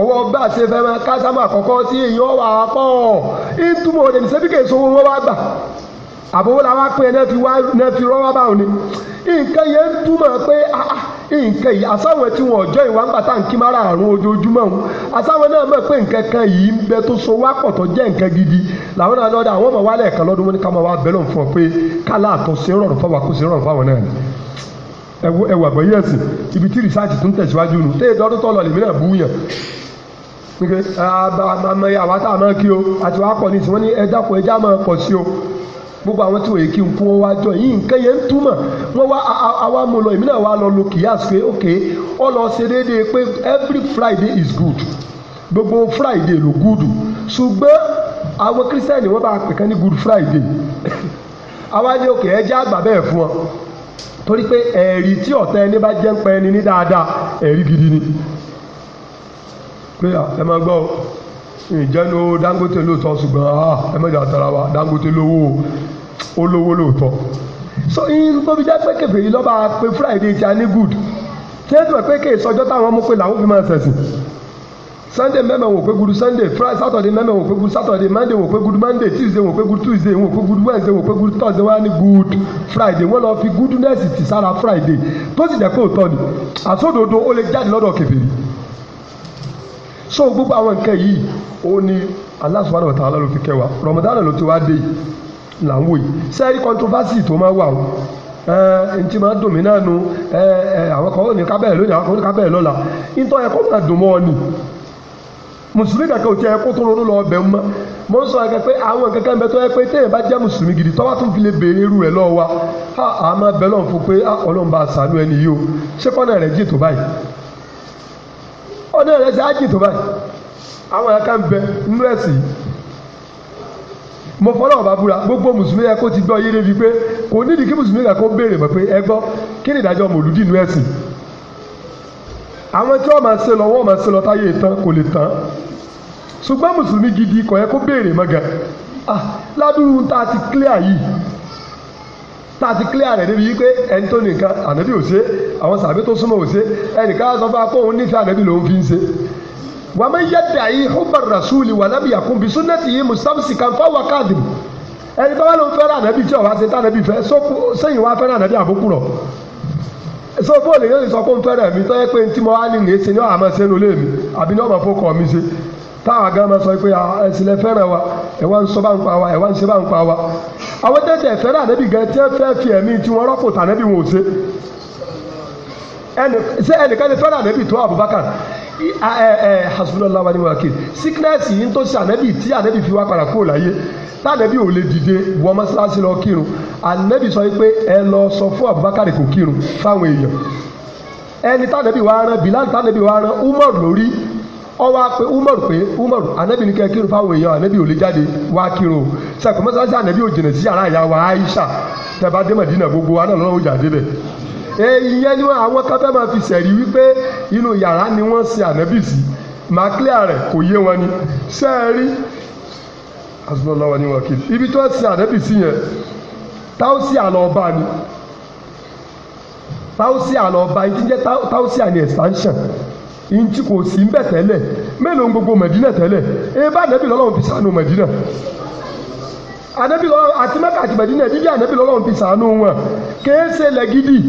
ọwọ́ bá ṣe fẹ́ máa kásámù àkọ́kọ́ tí èèyàn wà pọ̀ ń túmọ̀ orin ṣebí kèso wọn wá gbà àbówó làwọn apẹ́ ẹ̀ náà fi rọ́wọ́ báwọn ni nǹkan yẹn ń túmọ̀ pé ah, ah, nǹkan yìí àsáwọn tí wọn ọjọ́ ìwà ń bàtà ń kí mara àrùn ojoojúmọ́ òun àsáwọn náà mọ̀ pé nǹkan kan yìí ń bẹ tó so wá pọ̀ tó jẹ́ nǹkan gidi làwọn náà lọ́dọ̀ àwọn ọmọ wálẹ̀ kan lọ́dún wọn ni ká máa wá bẹ́lọ̀ fún ọ pé kálá àtọ̀sí rọrùn fáwọn àkóso rọrùn fáwọn náà ni ẹwọ ẹwọ àgbáyé ẹsìn ibi tí rìsáàjì tún tẹ̀síwájú nù tẹ́ ìdọ́dún tọ́ gbogbo àwọn tí wòye kí n kú wọn wá jọ yìí nǹkan yẹn ń túmọ̀ wọn wá àwa mo lọ èmi náà wá lọ lo kìyàsí pé ok ọ lọ ṣe déédéé pé every friday is good gbogbo friday ló gúdù ṣùgbọ́n àwọn Christian, wọ́n bá pè kán ní good friday àwa *coughs* ní ok ẹ jẹ́ àgbà bẹ́ẹ̀ fún ọ torí pé ẹ̀rí tí ọ̀tá ẹni bá jẹ́ ń pa ẹni ní dáadáa ẹ̀rí gidi ni pé ẹ máa gbọ́ ìjẹ́nu dangote lóòótọ́ ṣùgbọ́n ẹ mẹ́jọ àtàrà wa dangote lówó olówó lóòótọ́ so irú tó fi jẹ́ pé kèfèrí lọ́ba pé friday ti a ní good kí ẹ sọ pé kí ìsọjọ́ táwọn mú pé làwọn fi máa ṣẹ̀sìn sunday mẹ́mẹ́ wò pé gudu sunday friday saturday mẹ́mẹ́ wò pé gudu saturday monday wò pé gudu monday tuesday wò pé gudu tuesday wò pé gudu wednesday wò pé gudu thursday wà ní good friday wọ́n lọ fi goodness ti sára friday tó sì jẹ́ pé òótọ́ ni àsódodo ó lè jáde lọ́dọ̀ kèfèrí so gbogbo àwọn nǹkan yìí ó ní Allah subhanahu wa ta'ala ló fi kẹwàá ramadan ló ti wá dé yìí làwọn ń wò yìí sẹ́ẹ̀rí controversy tó máa wà o ntí máa dùn mí náà nu àwọn kan ní kábẹ́ẹ̀ lónìí àwọn kan ní kábẹ́ẹ̀ lọ́la máa dùn mọ́ ọ nì mùsùlùmí kankan ò tiẹ̀ kó tó ronú lọ mu mọ́ sọ pé àwọn kankan bẹ tó pé téèyàn gidi fi lè wa a máa bẹ lọ́n fún pé ah, ọlọ́run bá mo fọlọ́ ọ̀bá búra gbogbo mùsùlùmí yẹ kó ti gbọ́ yé débi pé kò nídìí kí mùsùlùmí kà kó béèrè mọ̀ pé ẹ gbọ́ kí ni ìdájọ́ mòlúdì inú ẹ̀sìn àwọn tí wọ́n máa ṣe lọ wọ́n máa ṣe lọ táyé tán kò lè tán ṣùgbọ́n mùsùlùmí gidi kò yẹ kó béèrè mọ́ gan ah ládùúgbò tá a ti clear yìí tá a ti clear rẹ̀ débi wípé ẹni tó nìkan ànábì ò ṣe àwọn sàbí tó súnmọ́ ò ṣe ẹnìkan á sọ fún akóhun nífẹ̀ẹ́ ànábì lòún fi ń ṣe wàmẹ yẹda yìí hubbar rasuli wàlábì yakunbi sunnati yìí mustamsi kanfa wa kadhibu ẹni bá wà ló ń fẹ́ràn ànábì tí ọ̀wá ṣe tá ànábì fẹ́ sẹ́yìn wá fẹ́ràn ànábì àbúkù rọ̀ so bóòlù yóò sọ pé ń fẹ́ràn mi tọ́yẹ pé ntí mo wá ní ní ẹsẹ̀ ní ọ̀hà máa ṣe ní olé mi àbí ní ọ̀mà fọkọ̀ mi ṣe táwọn àgá máa sọ pé ẹsìn lẹ fẹ́ràn wa ẹ̀ wá ń sọ bá ń pa wa ẹ̀ wá ń ṣe bá ń pa wa àwọn tẹ́tẹ́ fẹ́ràn ànábì gan tẹ́ fẹ́ fi ẹ̀mí tí wọ́n rọ́pò tànábì wọn ò ṣe ẹnì ṣé ẹnìkan ti fẹ́ràn ànábì tó Abubakar Ah, eh, eh, hasbunallahu wa ni'mal wakil sickness yìí tó ṣe ànẹ́bì tí ànẹ́bì fi wá padà kúrò láyé tànẹ́bì ò lè dìde wọ mọ́ṣáláṣí lọ kírun ànẹ́bì sọ pé ẹ lọ sọ fún Abubakar kò kírun fáwọn èèyàn ẹni tànẹ́bì wá rán Bilal tànẹ́bì wá rán Umar lórí ọwọ́ pé Umar pé Umar ànẹ́bì ní kẹ́ kírun fáwọn èèyàn ànẹ́bì ò lè jáde wá kírun sẹ́kọ̀ mọ́ṣáláṣí ànẹ́bì ò jìnà sí yàrá ìyá wa Aisha tẹ̀ bá dé Mẹ̀dínà gbogbo wa náà lọ́wọ́ ìyẹn ni àwọn kan fẹ́ máa fi ṣẹ̀rí wípé inú yàrá ni wọ́n ṣe ànábì sí màkílíà rẹ̀ kò yé wọn ni sẹ́ẹ̀rí asúnlọ́wọ́ ni wọ́n kiri ibi tó ṣe ànábì sí yẹn táwùsì àlọ́ ọba ni táwùsì àlọ́ ọba yìí ti jẹ́ táwùsì àní expansion yìí tí kò sí mbẹ tẹ́lẹ̀ mélòó ń gbogbo mẹ̀dínà tẹ́lẹ̀ ebe ànábì lọ́lọ́run fi ṣàánú mẹ̀dínà ànábì lọ́lọ́run àti mẹ́kà àti mẹ̀dínà jíjẹ́ ànábì lọ́lọ́run fi ṣàánú wọn kéé lẹ́gídì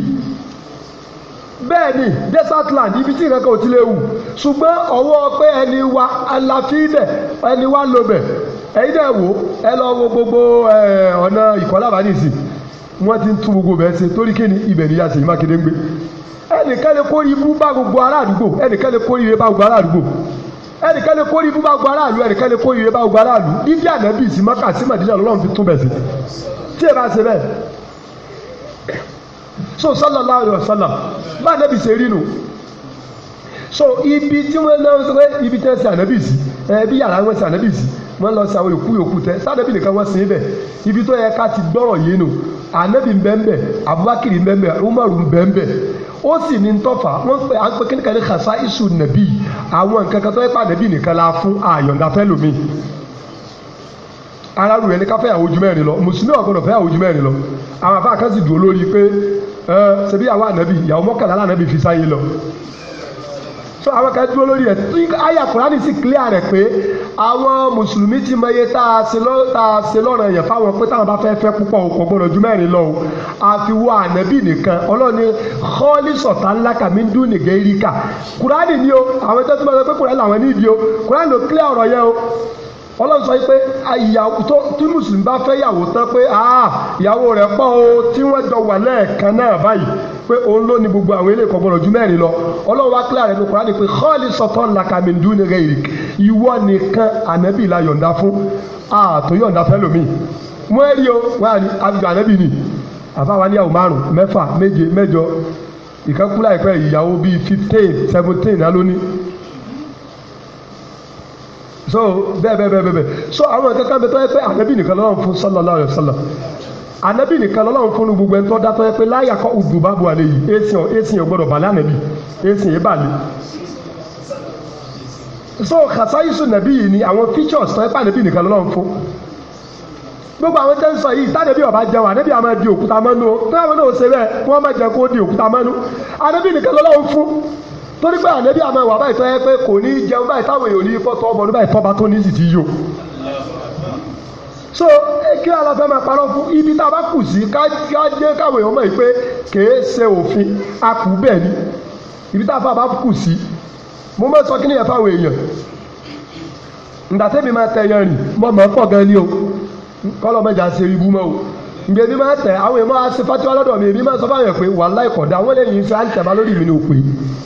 bẹ́ẹ̀ ni desert land ibi tí nǹkan kan ò ti lè wù ṣùgbọ́n ọwọ́ pé ẹni wa aláfíìlẹ̀ ẹni wa lobẹ̀ ẹ̀yin dẹ̀ wò ẹ lọ wo gbogbo ọ̀nà ìkọ́lábàánìsì wọ́n ti ń tún gbogbo bẹ́ẹ̀ ṣe torí kí ni ibẹ̀ ni yàtì mákindé ń gbé ẹnìkan lè kórìí ibú bá gbogbo ará àdúgbò ẹnìkan lè kórìí ibú bá gbogbo ará àdúgbò ẹnìkan lè kórìí ibú bá gbogbo ará àlú ẹnìkan lè kórìí ibú bá gbogbo ará àlú ibi ànábì sí maka sí màdínà lọ́lọ́run fi tún bẹ̀ sí tí ẹ bá ṣe bẹ́ẹ̀ so sallallahu alayhi wa sallam bá anabi ṣe rí nu so ibi tí wọ́n lọ sọ pé ibi tẹ́ ṣe anabi sí ẹbí yàrá wọn ṣe anabi sí wọ́n lọ ṣe àwọn òkú yòókù tẹ́ sànẹ́bì nìkan wọ́n sin bẹ̀ ibi tó yẹ ká ti gbọ́rọ̀ yìí nu anabi bẹ́ẹ̀nbẹ́ abubakar bẹ́ẹ̀nbẹ́ umaru bẹ́ẹ̀nbẹ́ ó sì ní tọ́fà wọ́n pè à ń pè kíníkan ní kasa isu nàbí àwọn nǹkan kan tó yẹ pa nàbí nìkan la fún àyọ̀ǹda fẹ́ lómi aráàlú rẹ ní ká fẹ́ àwọn ojú mẹ́rin lọ mùsùlùmí ọ̀gbọ́dọ̀ fẹ́ àwọn ojú mẹ́rin lọ àwọn àbá kan sì dúró lórí pé ẹ ṣebí àwọn ànábì ìyàwó mọ́kànlá lànàbì fi sáyé lọ so àwọn kan dúró lórí ẹ tí àyà kùránì sì clear rẹ pé àwọn mùsùlùmí ti mọ tá a ṣe lọ tá a ṣe lọ́rọ̀ yẹn fáwọn pé táwọn bá fẹ́ fẹ́ púpọ̀ kò gbọdọ̀ ju mẹ́rin lọ o àfi wo ànábì nìkan ọlọ́ni xọ́ọ́lì sọ̀tà ńlá kàmí ń dún nìgẹ́ ríkà kùránì ni o àwọn tó ti mọ sọ pé kùránì làwọn ní ìdí o kùránì ló clear ọ̀rọ̀ yẹn o ọlọ́run sọ pé ah, ìyàwó tó tí mùsùlùmí bá fẹ́ yàwó tán pé ah, ìyàwó rẹ̀ pọ̀ o tí wọ́n jọ wà lẹ́ẹ̀kan náà báyìí pé òun ló ní gbogbo àwọn eléyìí kọ̀ọ̀kan ju mẹ́rin lọ ọlọ́run wá kílà rẹ̀ ló kọ́ra ni pé kọ́ọ̀lì sọ̀tọ̀ làkàmìndú ni rẹ̀ ìwọ nìkan ànábì la yọ̀ǹda fún àtò ah, yọ̀ǹda fẹ́ lómi wọ́n rí o wọ́n àní àbíjọ ànábì ni àbáwa níyàwó márùn mẹ́fà méje mẹ́jọ ìkankúlà ìpẹ́ ìyàwó bíi fifteen seventeen alóní so bẹ́ẹ̀ bẹ́ẹ̀ bẹ́ẹ̀ bẹ́ẹ̀ so àwọn kankan bẹ tó yẹ pé anabi nìkan lọ́wọ́ fún sallallahu alaihi wasallam anabi nìkan lọ́wọ́ fún gbogbo ẹni tó dá tó yẹ pé láyà kọ́ ùdùbàbò àlẹ́ yìí èsì ọ̀ èsì ọ̀ gbọ́dọ̀ bàlẹ́ anabi èsì ẹ̀ bàlẹ́ so kàtàyísù nàbí yìí ni àwọn features tó yẹ pé anabi nìkan lọ́wọ́ fún gbogbo àwọn tẹ́ ń sọ yìí tánàbí ọba jẹun ànábì àmọ́ di òkúta mọ́nu o táwọn náà ṣe bẹ́ẹ̀ wọ́n má jẹ kó di òkúta mọ́nu torí pé ànẹ́bí àmọ́ ìwà báyìí tó yẹ pé kò ní jẹun báyìí táwọn èèyàn ní fọ́tọ̀ ọmọ ní tó ní ti so kí ala fẹ́ máa parọ́ fún ibi tá a bá kù sí ká káwọn èèyàn mọ̀ pé kèé ṣe òfin a kù bẹ́ẹ̀ ni ibi tá a bá kù sí mo sọ kí ni yẹn fáwọn èèyàn ǹdàtẹ́mi máa tẹ yẹn rìn mo mọ̀ pọ̀ gan ni o kọ́lọ́ mẹ́jà ṣe ibú mọ́ o ǹgbẹ́ mi máa tẹ̀ àwọn èèyàn máa ṣe fatiwa lọ́dọ̀ mi èmi máa sọ fáwọn èèyàn pé wàhálà à ń tẹ̀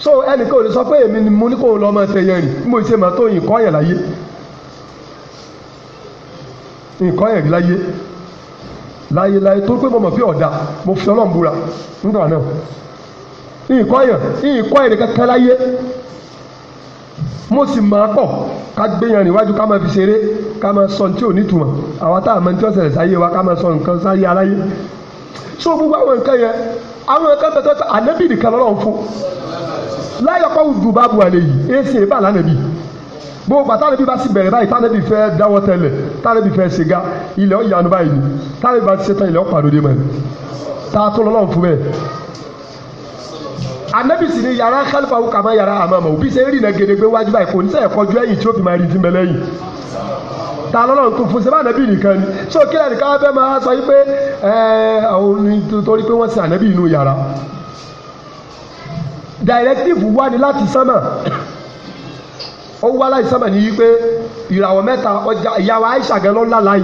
so ẹnìkan ò lè sọ pé èmi ni mo ní kó o lọ ọmọ ṣe yẹn rì mo ṣe mọ̀ tó nǹkan yẹn láyé nǹkan yẹn rí láyé láyé láyé tó pé mo mọ̀ pé ọ̀dà mo fi ọlọ́run búra nígbà náà nǹkan yẹn nǹkan yẹn kankan láyé mo sì máa pọ̀ ká gbé yẹn níwájú ká máa fi ṣeré ká máa sọ ní tí ò ní túmọ̀ àwa tá àmọ́ tí ó ṣẹlẹ̀ sáyé wa ká máa sọ nǹkan sáyé aláyé so gbogbo àwọn nǹkan yẹn àwọn nǹkan tẹ̀tẹ̀ ànábì nìkan lọ́wọ́ fún láyọ̀pọ̀ òdù bá bu àlè yìí é ṣe bá lánàbí gbogbo bàtà lẹbi bá sì bẹ̀rẹ̀ báyìí tálẹ́bí fẹ́ dáwọ́ tẹ́lẹ̀ tálẹ́bí fẹ́ ṣe ga ilẹ̀ ọ̀yanu báyìí ni tálẹ́bí bá ti ṣe tán ilẹ̀ ọ̀pàdódé mọ́ ẹ̀ tá a tó lọ́lọ́run fún bẹ́ẹ̀ anabi sì ni yàrá kálífàwù kàmá yàrá àmàmà òbí ṣe ń rìn náà gedegbe wájú báyìí kò ní sẹ́yìn kọjú ẹ̀yìn tí ó fi máa rí tìǹbẹ̀ lẹ́yìn ta lọ́nà tó fún sẹ́yìn anabi nìkan ni so kílẹ̀ nìkan fẹ́ máa sọ yí pé ẹ̀ẹ́ òun nítorí pé wọ́n sin anabi inú yàrá directive wani lati láti sánmà ó wá láti sánmà ní wípé ìràwọ̀ mẹ́ta ọjà ìyàwó Aisha gan ló ń lálàá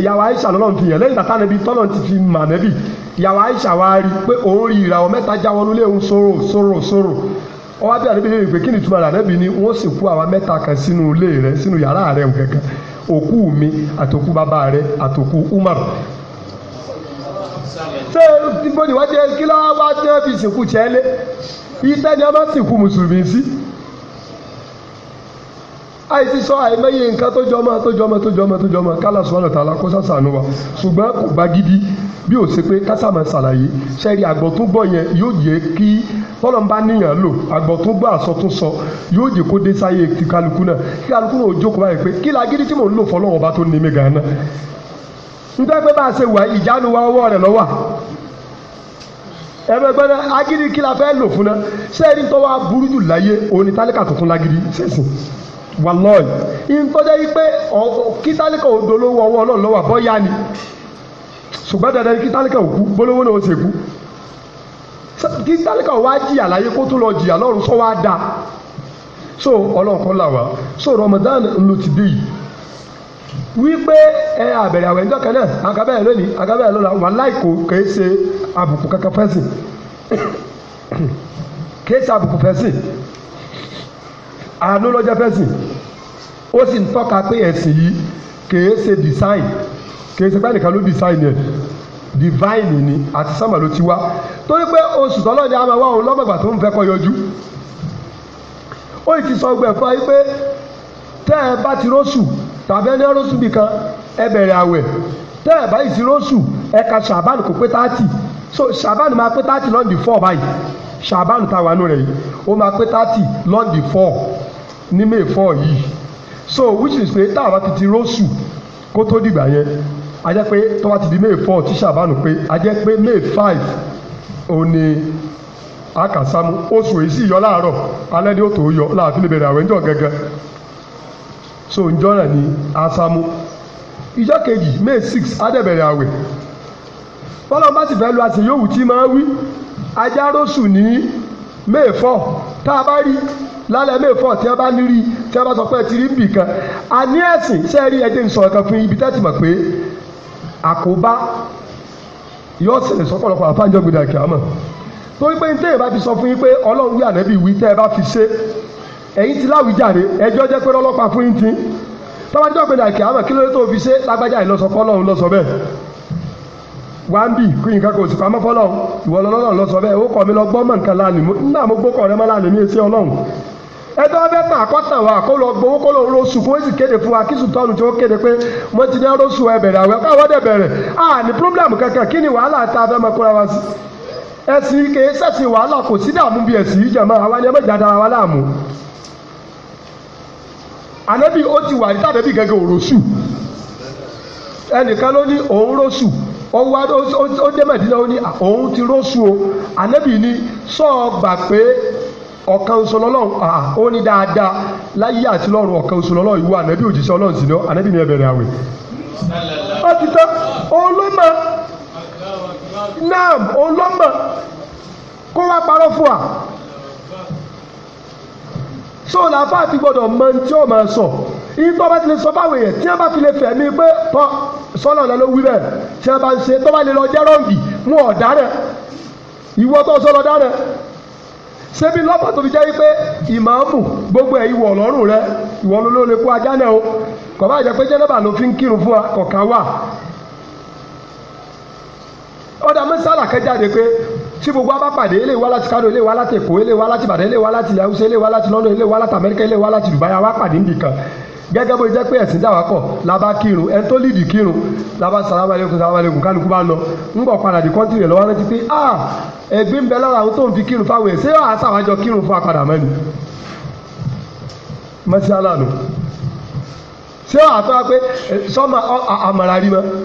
ìyàwó Aisha lọ́lọ́run fi yẹn lẹ́yìn tàtà níbi tọ́lọ̀ ti fi mà nẹ́bì ìyàwó Aisha wa rí pé òun ìràwọ̀ mẹ́ta jáwọ́ lólé òun sóró sóró sóró ọwọ́ bí àdébí yẹn pé kí ni ìtumọ̀ àdébí ni wọ́n sì kú kan sínú ilé rẹ̀ sínú yàrá rẹ̀ so níbo ni wọ́n ṣe kí lọ́wọ́ wá tí wọ́n fi sìnkú tiẹ̀ lé iṣẹ́ ni wọ́n bá sìnkú mùsùlùmí sí àìsí sọ àìmọye nǹkan tó jọmọ tó jọmọ tó jọmọ tó jọmọ kálá sọ ọlọta la sàṣàánú wa ṣùgbọ́n kò bá gidi bí ó ṣe pé kásàmà ṣàlàyé ṣẹ́ẹ̀rì àgbọ̀túngbọ̀ yẹn yóò yẹ kí tọ́lọ́mbà níyàn lò àgbọ̀túngbọ̀ àsọtúnsọ yóò jẹ kó dé sáyé ti kálukú náà kí kálukú náà ó jókòó báyìí pé kí la gidi tí mò ń lò fọlọ́wọ́ bá tó ní mi gan-an Ndị pé bá a ṣe wà ìjánu wa ọwọ́ rẹ̀ lọ́wọ́ ẹgbẹ́ gbẹ́dẹ́ agidi kí la lò fún náà ṣé ẹni tó wá burú jù láyé òní tálíkà tuntun lágídí sẹ́sìn wàlọ́ọ̀yì ìtọ́jẹ́ yìí pé kí tálíkà odò lówó ọwọ́ ọlọ́run lọ́wọ́ bọ́yá ni ṣùgbọ́n dandan kí tálíkà òkú bólówó náà ó ṣe kú kí tálíkà wá jìyà láyé kó tó lọ jìyà sọ Ramadan ló ti wípé ẹ àbẹ̀rẹ̀ àwẹ̀ ńjọ́ kan náà àkàbẹ̀rẹ̀ lónìí àkàbẹ̀rẹ̀ lọ́la wà láìkó kìí ṣe àbùkù kankan fẹ́sìn *coughs* kìí ṣe àbùkù fẹ́sìn àánú lọ́jọ́ fẹ́sìn ó sì ń tọ́ka pé ẹ̀sìn yìí kìí ṣe design kìí ṣe pé ẹnìkan ló design yẹn divine ni àti sámà ló ti wá torí pé oṣù tọ́lọ́dẹ àmọ́ wa òun lọ́mọ̀gbà tó ń fẹ́ kọ́ yọjú ó ti sọ gbẹ̀fọ́ yìí pé tẹ́ ẹ bá ti róṣù tàbí ẹni rọ́ṣù bì kan ẹ bẹ̀rẹ̀ àwẹ̀ tẹ́ ẹ̀ báyìí sí rọ́ṣù ẹ ka ṣàbánù kò pé táàtì so ṣàbánù máa pé táàtì lọ́ndì fọ́ báyìí ṣàbánù táwa nù rẹ̀ yìí ó máa pé táàtì lọ́ndì fọ́ ní may four yìí so which is pé táwa ti ti rọ́ṣù kó tó dìgbà yẹn a jẹ́ pé tó bá ti di may four tí ṣàbánù pé a jẹ́ pé may five òun ni àkàsámú oṣù èyí sì yọ láàárọ̀ alẹ́ ni ó tó yọ láàfin ìbẹ̀rẹ̀ àwẹ̀ ńjọ́ gẹ́gẹ́ so ǹjọ́ náà ni asamu ìjọ́ kejì may six adẹ́bẹ̀rẹ̀ àwẹ̀ bọ́lá bá sì fẹ́ lu àṣẹ yòówù tí máa wí ajárosù ní may four tá a bá rí lálẹ́ may four tí a bá ní rí tí a bá sọ pé ẹ ti rí bì kan a ní ẹ̀sìn ṣe rí ẹjẹ́ ìsọ̀rọ̀ kan fún ibi tẹ́tì mọ̀ pé àkóbá yóò ṣẹlẹ̀ sọ́kọ̀lọ́kọ̀ àfáàjọ́ gbẹdàkẹ́ àmọ́ torí pé ní tẹ́yẹ̀ bá fi sọ fún yín pé ọlọ́run wí ànábì wí tẹ́ ẹ bá fi ṣe ẹ̀yin ti láwùjáde ẹjọ́ jẹ́ pé lọ́lọ́pàá fún yín ti tọ́wájọ́ kilomita dàkí kí tó fi ṣe lágbájá ìlọsọ fọlọ́run lọ́sọ bẹ́ẹ̀ wá ń bì kí nǹkan kò sì pamọ́ ìwọ lọ́sọ bẹ́ẹ̀ ó kọ́ mi lọ gbọ́ nígbà mo gbókọ̀ rẹ mọ́ lánìí mi èsì ẹjọ́ bẹ́ẹ̀ wa kó lọ gbowó kó lọ rọ́ọ̀sù kó kéde fún wa kí Anabi ó ti wà ní tàbí gẹ́gẹ́ òrosù ẹnìkan ló ní òun rosù ó wá ó dé mẹ́tìlá ó ní òun ti rosù o ànábì ní sọ́ọ̀ gbà pé ọ̀kan oṣù lọ́lọ́run ó ní dáadáa láyé àti lọ́run ọ̀kan oṣù lọ́lọ́run ìwọ ànábì òjíṣẹ́ ọlọ́run sí ni ànábì ní ẹbẹ̀rẹ̀ àwẹ̀ ó ti tán òun ló mọ̀ náà òun ló mọ̀ kó wá parọ́ fún wa so làáfà fi gbọdọ̀ mọ ní tí ó máa sọ yìí tó bá ti lè sọ fáwọn èèyàn tí wọ́n bá fi lè fẹ̀mí pé tọ́ sọ́nà ọ̀la ló wí bẹ́ẹ̀ tí wọ́n bá ń ṣe tó bá lè lọ jẹ́ rọ́ǹgì mú ọ̀daràn ìwọ tó sọ lọ dáràn ṣebí lọ́pà tó fi jẹ́ wípé ìmáàmù gbogbo ẹ̀ ìwọ̀ ọ̀lọ́rùn rẹ ìwọ ló lè kó ajá náà o kọ̀ bá jẹ́ pé jẹ́nẹ́bà ló fi ń kírun fún wa kọ̀ọ̀kan wà ọ mẹ́sàlá kẹjáde pé tí gbogbo abápàdé ilé wa láti Kano ilé wa láti Èkó ilé wa láti Ìbàdàn ilé wa láti ilẹ̀ Haúsá ilé wa láti lọ́nà ilé wa láti Amẹ́ríkà ilé wa láti Dubai àwa pàdé nìdí kan gẹ́gẹ́ bó jẹ́ pé ẹ̀sìn dàwà kọ̀ làbá kírun ẹ̀ tó lìdì kírun sàlámà lẹ́kùn sàlámà lẹ́kùn kálukú bá lọ ń bọ̀ padà di kọ́ńtì rẹ̀ lọ́wọ́ rántí pé ah ẹ̀gbẹ́ ń bẹ lára tó ń fi kírun fáwọn ẹ̀ ṣé kírun fún mẹ́nu nù ṣé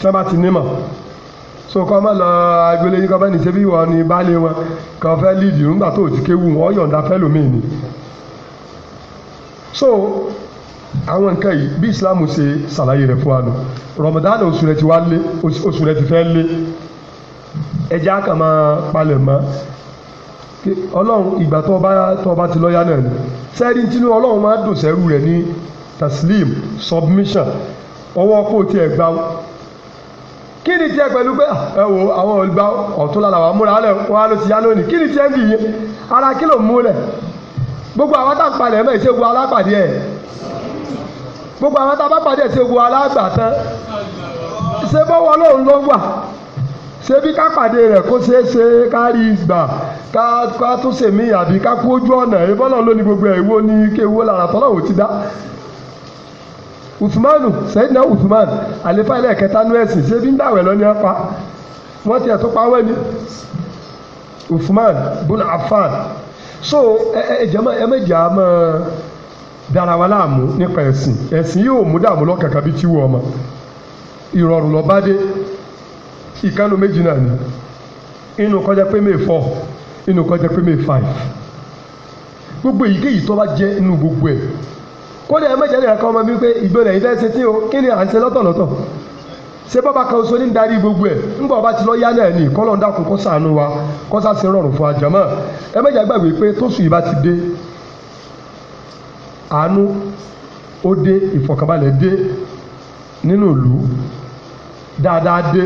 sábà ti nímọ̀ so kọ́ mọ́ lọ agbélé yìí kọ́ bá ní ṣe bí wọ́n ní baálé wọn kọ́ fẹ́ líìdì nígbà tó ti kéwu wọ́n yọ̀ǹda fẹ́ lómi ni so àwọn nǹkan yìí bí Islam ṣe ṣàlàyé rẹ̀ fún wa nù Ramadan oṣù rẹ̀ ti wá lé oṣù rẹ̀ ti fẹ́ lé ẹja kàn máa palẹ̀ mọ́ ọlọ́run ìgbà tó bá tó bá ti lọ́ọ́yà náà ni sẹ́ẹ̀dì tinú ọlọ́run máa dùn sẹ́rù rẹ̀ ní taslim submission ọwọ́ kó tiẹ̀ gbà kí ni tiẹ̀ pẹ̀lú pé ẹ wo àwọn olùgbà ọ̀tún lára wàá múra si ya n'oni. Kini ti yá lónìí kí ni tiẹ̀ ń bì yín ara kí ló mú gbogbo àwọn tá à ń palẹ̀ mọ́ ìṣègùn alápàdé gbogbo àwọn tá a bá pàdé ìṣègùn alágbàtán ṣé bọ́wọ́ lòun ló wà ṣé bí ká pàdé rẹ̀ kó ṣeé ṣe ká rí ìgbà ká tún ṣèmí usmanu sẹ́yìnà usman àlefa ẹlẹ́ẹ̀kẹta nú ẹ̀sìn ṣé bí ń lọ ni ẹ pa ti pa usman bun so ẹ ẹ jẹ́mọ́ ẹ méjì á mọ́ dára wa láàmú nípa ẹ̀sìn ẹ̀sìn yóò mú dààmú lọ́kàkà bí tiwọ ọmọ ìrọ̀rùn lọ́ba dé ìkánu méjì náà ni inú kọjá pé gbogbo èyíkéyìí tó bá gbogbo kódà ẹ mẹ́jẹ̀ nìkan ọmọ mi pé a rẹ̀ ìfẹ́ ṣetí o kí ni à ń ṣe lọ́tọ̀lọ́tọ̀ ṣé bọ́ba kan oṣù darí gbogbo ẹ̀ ńgbà ọba ti lọ yá náà ni kọ́lọ́ ń dákun kó sàánú wa kó rọrùn fún àjọmọ́ ẹ mẹ́jẹ̀ gbàgbé pé tóṣù yìí bá ti dé àánú ó dé ìfọ̀kànbalẹ̀ dé nínú ìlú dáadáa dé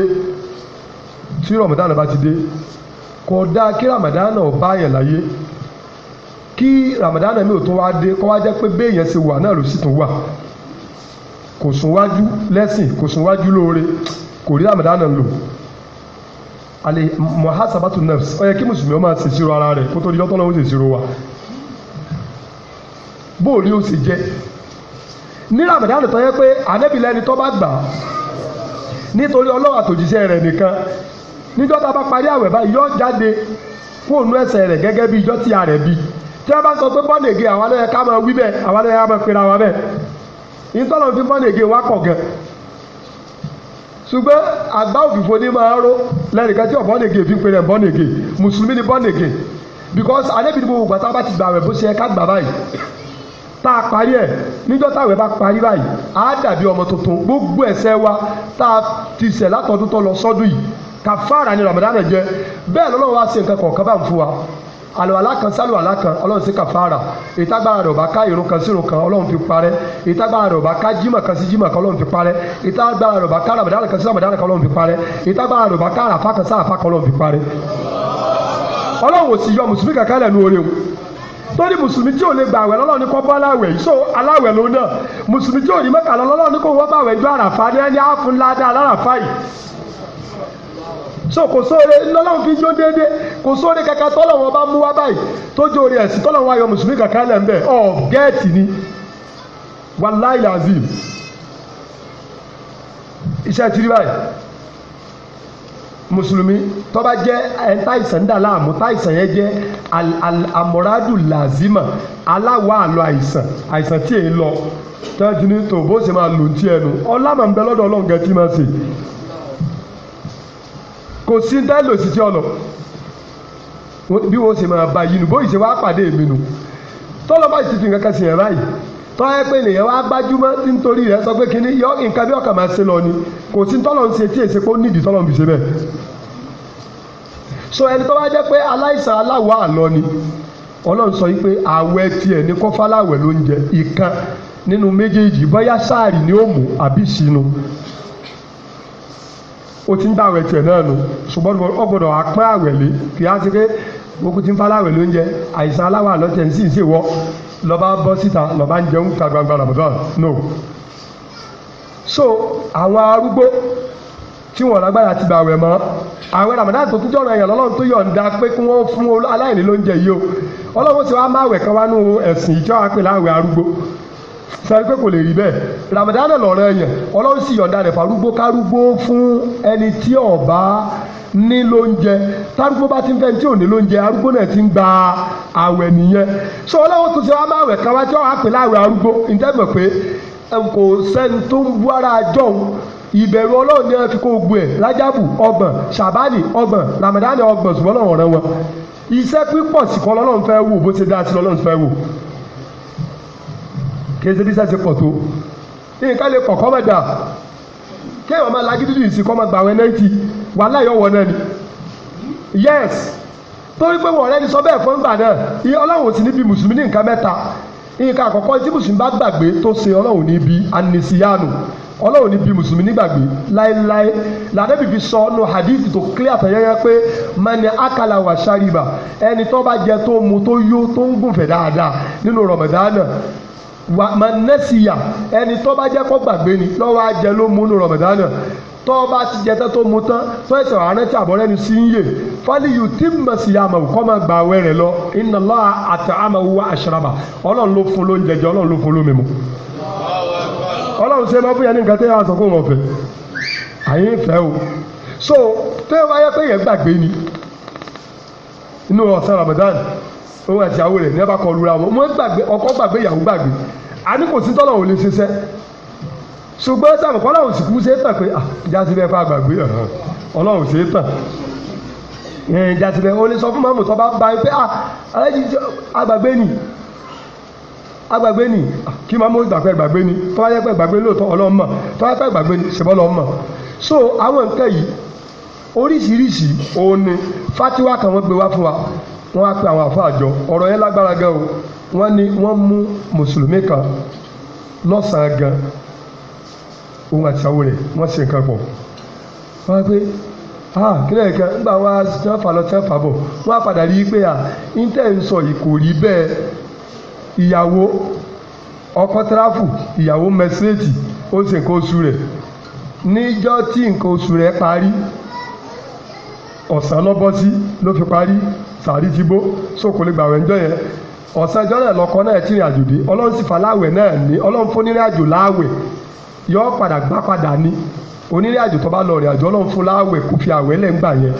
tí bá ti dé kò kí Ramadan mi ò tún wá dé kó wá jẹ́ pé béèyàn ṣe wà náà ló sì tún wà kò sún wájú lẹ́sìn kò sún wájú lóore kò rí Ramadan lò àlè muhasabatu nafs ó yẹ kí mùsùlùmí ó máa ṣèṣirò ara rẹ̀ kó tó di lọ́tọ́ náà ó ṣèṣirò wa bóòlì ó sì jẹ́ ní Ramadan tó yẹ pé ànábì lẹ́ni tó bá gbà nítorí Ọlọ́run àtòjíṣẹ́ rẹ̀ nìkan níjọ́ tá a bá parí àwẹ̀ báyìí yọ jáde fóònù ẹsẹ̀ rẹ̀ gẹ́gẹ́ bí ijọ́ tí a rẹ̀ bíi tí a bá sọ pé born again àwọn alẹ́ ká máa wí bẹ́ẹ̀ àwọn alẹ́ ká máa pera wa bẹ́ẹ̀ ìtọ́lọ̀ fi born again wá kọ̀ gan ṣùgbọ́n àgbá òfìfo ní máa ró lẹ́nìkan tí ò born again fi pèrè born again mùsùlùmí ni born again because alẹ́bìnrin gbogbo gbàtà bá ti gbà rẹ̀ bó ṣe ká gbà báyìí tá a parí bá parí báyìí á dàbí ọmọ tuntun gbogbo wa tá a ti tó lọ yìí ni Ramadan jẹ àlùwàlá kan sálùwàlá kan ọlọ́run sí kàfàrà ìtagbára rẹ̀ ò bá ká ìrun kan sírun kan ọlọ́run fi parẹ́ ìtagbára rẹ̀ ò bá ká jímọ̀ kan sí jímọ̀ kan ọlọ́run fi parẹ́ ìtagbára rẹ̀ ò bá ká ramadan kan sí ramadan kan ọlọ́run fi parẹ́ ìtagbára rẹ̀ ò bá ká àràfá kan sí àràfá kan ọlọ́run fi parẹ́ ọlọ́run ò sì yọ mùsùlùmí kankan lẹ́nu oore o torí mùsùlùmí tí ò lè gbà àwẹ̀ lọ́lọ́run ní kó bọ́ láwẹ̀ yìí so aláwẹ̀ ló náà mùsùlùmí tí ò ní mẹ́kà lọ́lọ́run ní kó wọ́ bá àwẹ̀ so kò sóore lọ́lọ́run fi jó déédéé kò sóore kankan tọ́lọ́run ọba mú wá báyìí tó jóore ẹ̀sìn tọ́lọ́run ayọ̀ mùsùlùmí kankan lẹ̀ ń bẹ̀ ni wàláì làzim iṣẹ́ tiri báyìí mùsùlùmí tó jẹ́ ẹni ndala ń dà láàmú yẹn jẹ́ àmọ́ràdù làzima aláwọ̀ àlọ́ àìsàn àìsàn tí lọ ní tòbó sì máa lò ní tiẹ̀ nu kò sí dálò sí tí ọ̀nà bí wọ́n ṣe máa ba yìí nù bóyìí ṣe wá pàdé mi nù tọ́lọ́ bá ti fi nǹkan kan sì yẹn báyìí tọ́ ẹ pé nìyẹn wá gbájúmọ́ nítorí rẹ sọ pé kínní yọ nǹkan bí ọkàn máa ṣe lọ ni kò sí tọ́lọ́ ń ṣe tí èsì pé ó nídìí tọ́lọ́ ń fi ṣe bẹ́ẹ̀ so ẹni tó bá jẹ́ pé aláìsàn aláwọ̀ àlọ́ ni ọlọ́run sọ yìí pé àwẹ̀ tiẹ̀ ní kọ́fà ló ń jẹ ìkan nínú méjèèjì bóyá sáàrì ni ó mú àbí sínú ó ti ń gbàwẹ̀ tiẹ̀ náà nù ṣùgbọ́n ó gbọ́dọ̀ apẹ́ àwẹ̀ lé kì í á ti ké gbogbo tí ń fa aláwẹ̀ lóúnjẹ àìsàn aláwọ̀ àlọ́tẹ̀ ń sì ń ṣèwọ́ lọ́ba bọ́ síta lọ́ba ń jẹun ta gbangba Ramadan no. so àwọn arúgbó tí wọn lágbára ti gbàwẹ̀ mọ́ àwẹ̀ Ramadan tó tún jọ̀rọ̀ ẹ̀yàn lọ́lọ́run tó yọ̀ǹda pé kí wọ́n fún aláìní lóúnjẹ yìí o ọlọ́run ti wá máa wẹ̀ kan wá nù ẹ̀sìn ìjọ sẹ́ni pé kò lè rí bẹ́ẹ̀ Ramadan lọ́rọ̀ yẹn ọlọ́run sì yọ̀ǹda rẹ̀ farúgbó kárúgbó fún ẹni tí ọba ní lóúnjẹ tárúgbó bá ti ń fẹ́ tí ò ní lóúnjẹ arúgbó náà ti ń gba àwẹ̀ nìyẹn so ọlọ́run tó ṣe wá máa wẹ̀ káwá tí wọ́n á pè láwẹ̀ arúgbó ǹjẹ́ mọ̀ pé kò sẹ́ni tó ń bú ara àjọ ìbẹ̀rù ọlọ́run ní ẹ fi kó gbé ẹ̀ rájábù ọgbọ̀n ṣàbánì ọgbọ̀n Ramadan ọgbọ̀n ṣùgbọ́n ọlọ́run rẹ wọn iṣẹ́ pípọ̀ sí kan lọ́lọ́run fẹ́ wò bó ṣe dá sí lọ́lọ́run fẹ́ wò kìí ṣe bí sẹ́sẹ̀ pọ̀ tó nǹkan lè pọ̀ kọ́ mọ̀ dà kéèyàn máa lagídí dùn sí kọ́ máa gbà wọn náìtì wà láyọ̀ wọ̀ náà ni yes torí pé wọ̀n rẹ́ ni sọ bẹ́ẹ̀ fún ìgbà náà iye ọlọ́run ti ní bí mùsùlùmí ní nǹkan mẹ́ta nǹkan àkọ́kọ́ tí mùsùlùmí bá gbàgbé tó ṣe ọlọ́run ní anisiyanu ọlọ́run ní mùsùlùmí nígbàgbé láéláé làdẹ́bí fi sọ ọ́nù hadith tó clear àtẹ̀yẹ́yẹ́ pé mani akala wa shariba ẹni tó bá jẹ tó mu tó yó tó ń gùnfẹ̀ dáadáa nínú Ramadan wà má nẹ́sìyà ẹni tó bá jẹ́ kó gbàgbé ni lọ́wọ́ ajẹ́ ló mú nu Ramadan tọ́ bá ti jẹ tán tó mu tán fún ẹsẹ̀ àrántí àbọ̀rẹ́ni sí ń yè fáliyù tí mọ̀ sí àmọ̀ kọ́ máa gba àwẹ̀ rẹ̀ lọ iná lọ́ àtà àmọ̀ wá àṣàràbà ọlọ́run ló fún ló ń jẹjẹ ọlọ́run ló fún ló mímu. ọlọ́run ṣe máa fún yẹn ní nǹkan tẹ́ yà sọ fún wọn fẹ́ àyè ń fẹ́ o so tẹ́ wáyé pé yẹn gbàgbé ni inú ọ̀sán Ramadan òun àti ìyàwó rẹ̀ ní ẹ bá kọ lura wọn wọ́n gbàgbé ọkọ gbàgbé ìyàwó gbàgbé àní kò sí tọ́lọ̀ òun lè ṣe sẹ́ ṣùgbọ́n táwọn kọ́ ọlọ́run sì kú ṣe é tàn pé jásí fà gbàgbé ọlọ́run ṣe é tàn jásí bẹ́ẹ̀ o lè sọ fún mọ́mù tó bá bá yín pé ah, alájí agbàgbé nì agbàgbé nì ah, kí mọ́mù gbàgbé gbàgbé nì tó bá yẹ pé gbàgbé lóòótọ́ ọlọ́run mọ̀ tó bá yẹ pé gbàgbé nì ṣèbọ́ lọ́ọ́ mọ̀ so àwọn nǹkan yìí oríṣiríṣi òun ni fatiwa kan wọ́n gbé wá fún wa wọ́n á pe àwọn àfáà jọ ọ̀rọ̀ yẹn lágbára gan o wọ́n ní wọ́n mú mùsùlùmí kan lọ́sàn-án gan òun àti ìyàwó rẹ̀ wọ́n ṣe nǹkan pọ̀ wọ́n á ah kílẹ̀ kan á ti fà lọ tí bọ̀ wọ́n á padà rí i pé à ń ìyàwó ọkọ ìyàwó ó ṣe nǹkan oṣù rẹ̀ níjọ́ tí nǹkan oṣù rẹ̀ parí ọ̀sán lọ́bọ́sí sàárì jíbó bó gbàwẹ̀ ńjọ́ yẹn ọ̀sán ìjọ náà lọ́kọ náà ti rìn àjò dé ọlọ́run sì fà láwẹ̀ náà ní ọlọ́run fún àjò ní tó bá lọ rìn àjò ọlọ́run fún láwẹ̀ kò fi àwẹ̀ lẹ́ ń gbà yẹn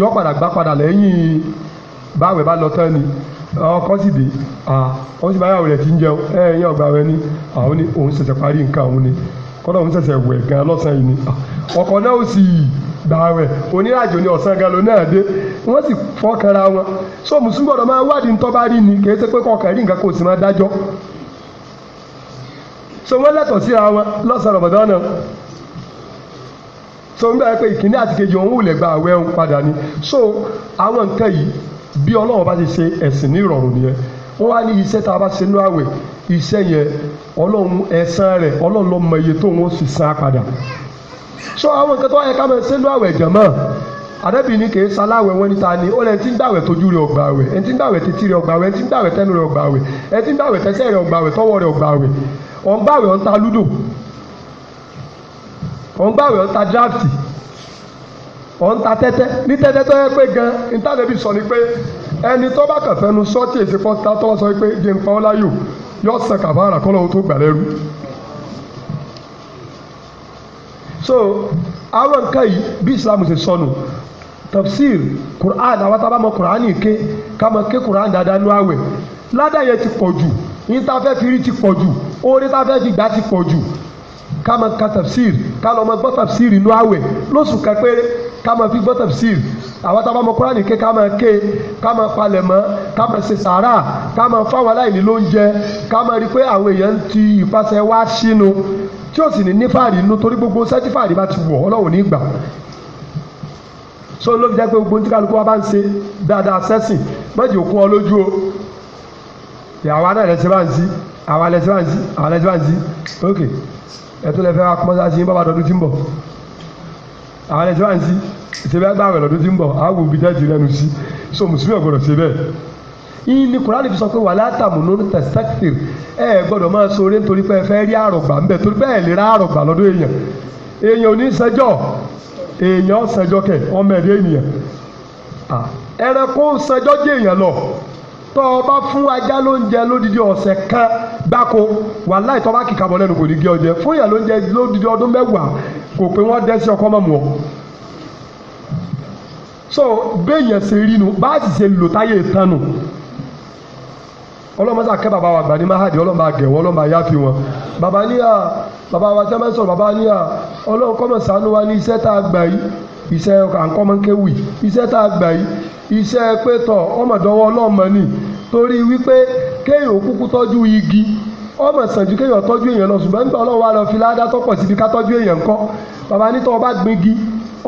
yọ padà gbá padà lẹ́yìn báwẹ̀ bá lọ ni ọkọ sì dé sì bá yàwó ti ń jẹun ẹ ni àwọn ni òun parí nǹkan òun ni kọ́dọ̀ gbààwẹ̀ oníràjò ni ọ̀sán gan náà dé wọ́n sì fọ́kanra wọn so mùsùlùmí gbọ́dọ̀ máa wádìí ń tọ́ba rí ni kì í ṣe pé kọkàn rí nǹkan kò sì máa dájọ́ so wọ́n lẹ́tọ̀ọ́ síra wọn lọ́sàn-án Ramadan náà so n bẹ́ẹ̀ pé ìkíní àti kejì òun wùlẹ̀ gba àwẹ̀ òun padà ni so àwọn nǹkan yìí bí Ọlọ́run bá ti ṣe ẹ̀sìn ní ìrọ̀rùn nìyẹn wọ́n wá ní iṣẹ́ tá a bá ṣe nú àwẹ̀ iṣẹ́ yẹn Ọlọ́run ẹ̀san rẹ̀ Ọlọ́run ló iye tóun ó sì san padà so àwọn nǹkan tó wáyé ká máa ṣe ń lo àwẹ̀ jọ̀mọ́ àdẹ́bìnrin kì í saláwẹ̀ wọn níta ni ó lẹ ti ń gbàwẹ̀ tójú rẹ̀ ọgbà wẹ̀ ẹ ti ń gbàwẹ̀ títí rẹ̀ ọgbà wẹ̀ ẹ ti ń gbàwẹ̀ tẹnu rẹ̀ ọgbà wẹ̀ ẹ ti ń gbàwẹ̀ tẹsẹ̀ rẹ̀ ọgbà wẹ̀ tọwọ́ rẹ̀ ọgbà wẹ̀ ọ̀n gbàwẹ̀ ọ̀n ta lúdò ọ̀n gbàwẹ̀ ọ̀n ta dráfìtì ọ̀n ta tẹ́tẹ́ ní tẹ́tẹ́ tó yẹ pé gan ìtàlẹ́bì sọ ni pé ẹni tó bá kàn sọ́ọ̀tì èsì pọ́ńtà tó sọ pé jẹ́ nǹkan ọláyò yọ so àwọn nǹkan yìí bí islam ṣe sọnù tafsir quran àwọn tá a bá mọ quran ké ká mọ ké quran dáadáa nú àwẹ̀ ládàá yẹn ti pọ̀ jù yín tá a fẹ́ fi rí ti pọ̀ jù oore tá a fẹ́ fi gbà ti pọ̀ jù ka tafsir ká lọ mọ tafsir nú àwẹ̀ lóṣù kan péré fi gbọ́ tafsir àwọn tá a bá mọ kúránì ké ká máa ké ká máa palẹ̀ mọ́ ká máa ṣe sàárà ká máa fáwọn aláìní lóúnjẹ ká máa rí i pé àwọn èèyàn ń ti ìpasẹ̀ wá sínú tí ó sì ní ní fàárì inú torí gbogbo sẹ́tí bá ti wọ̀ ọlọ́run ní ìgbà so ló fi jẹ́ pé gbogbo ntíkàlùkù wa bá ń ṣe dáadáa sẹ́sìn mọ́jì òkun ọ lójú o àwa náà lẹ́sẹ̀ bá ń sí àwa lẹ́sẹ̀ bá ń sí àwa lẹ́sẹ̀ bá ń sí ok ẹ̀ tó lẹ́ fẹ́ wá pọ́n sáà sí bàbá dọdún tí ń bọ̀ àwọn ẹ̀sìn wáǹsí ìṣẹ̀bẹ̀ agbára lọ́dún tí ń bọ̀ àwọn òbí tẹ́tì lẹ́nu sí so mùsùlùmí ọ̀gbọ́dọ̀ ṣe bẹ́ẹ̀ yìí ni kùránì fi sọ pé wàhálà tàmùnú tẹ̀sítẹ́kìtì ẹ gbọ́dọ̀ máa sọ̀rọ̀ nítorí pé ẹ fẹ́ rí àrògbà ńbẹ torí pé ẹ lè ra àrògbà lọ́dún èèyàn èèyàn ò ní sẹjọ́ èèyàn sẹjọ́ kẹ ọmọ ẹ̀dẹ́ ènìyàn ẹranko sẹjọ́ jẹ́ èèyàn lọ tọ́ ọ bá fún ajá lóúnjẹ lódidi ọ̀sẹ̀ kan gbáko wàláì tọ́ bá kìka bọ̀ lẹ́nu kò ní gé ọjẹ fún yàn lóúnjẹ lódidi ọdún mẹ́wàá kò pé wọ́n dẹ́sí ọkọ mọ̀mú so béèyàn ṣe rí nu bá a sì ṣe lò táyé tánu ọlọ́mọdé akẹ́ bàbá wa gbani mahadi ọlọ́mọ agẹ̀ wọn ọlọ́mọ ayáfi wọn bàbá níyà bàbá wa tẹ́ mẹ́sọ̀rọ̀ bàbá níyà ọlọ́run kọ́mọ̀ ṣàánú wa ní iṣẹ́ tá a gbà yìí iṣẹ́ àǹkọ́mọ́kéwì iṣẹ́ tá a gbà yìí iṣẹ́ pé tọ̀ ọmọdọ́wọ́ ọlọ́mọ ni torí wípé kéèyàn kúkú tọ́jú igi ọmọ ìsànjú kéèyàn tọ́jú èèyàn lọ ṣùgbọ́n nígbà ọlọ́wọ́ àlọ́ fi ládá tọ́pọ̀ síbi ká tọ́jú èèyàn kọ́ bàbá ní tọ́wọ́ bá gbin igi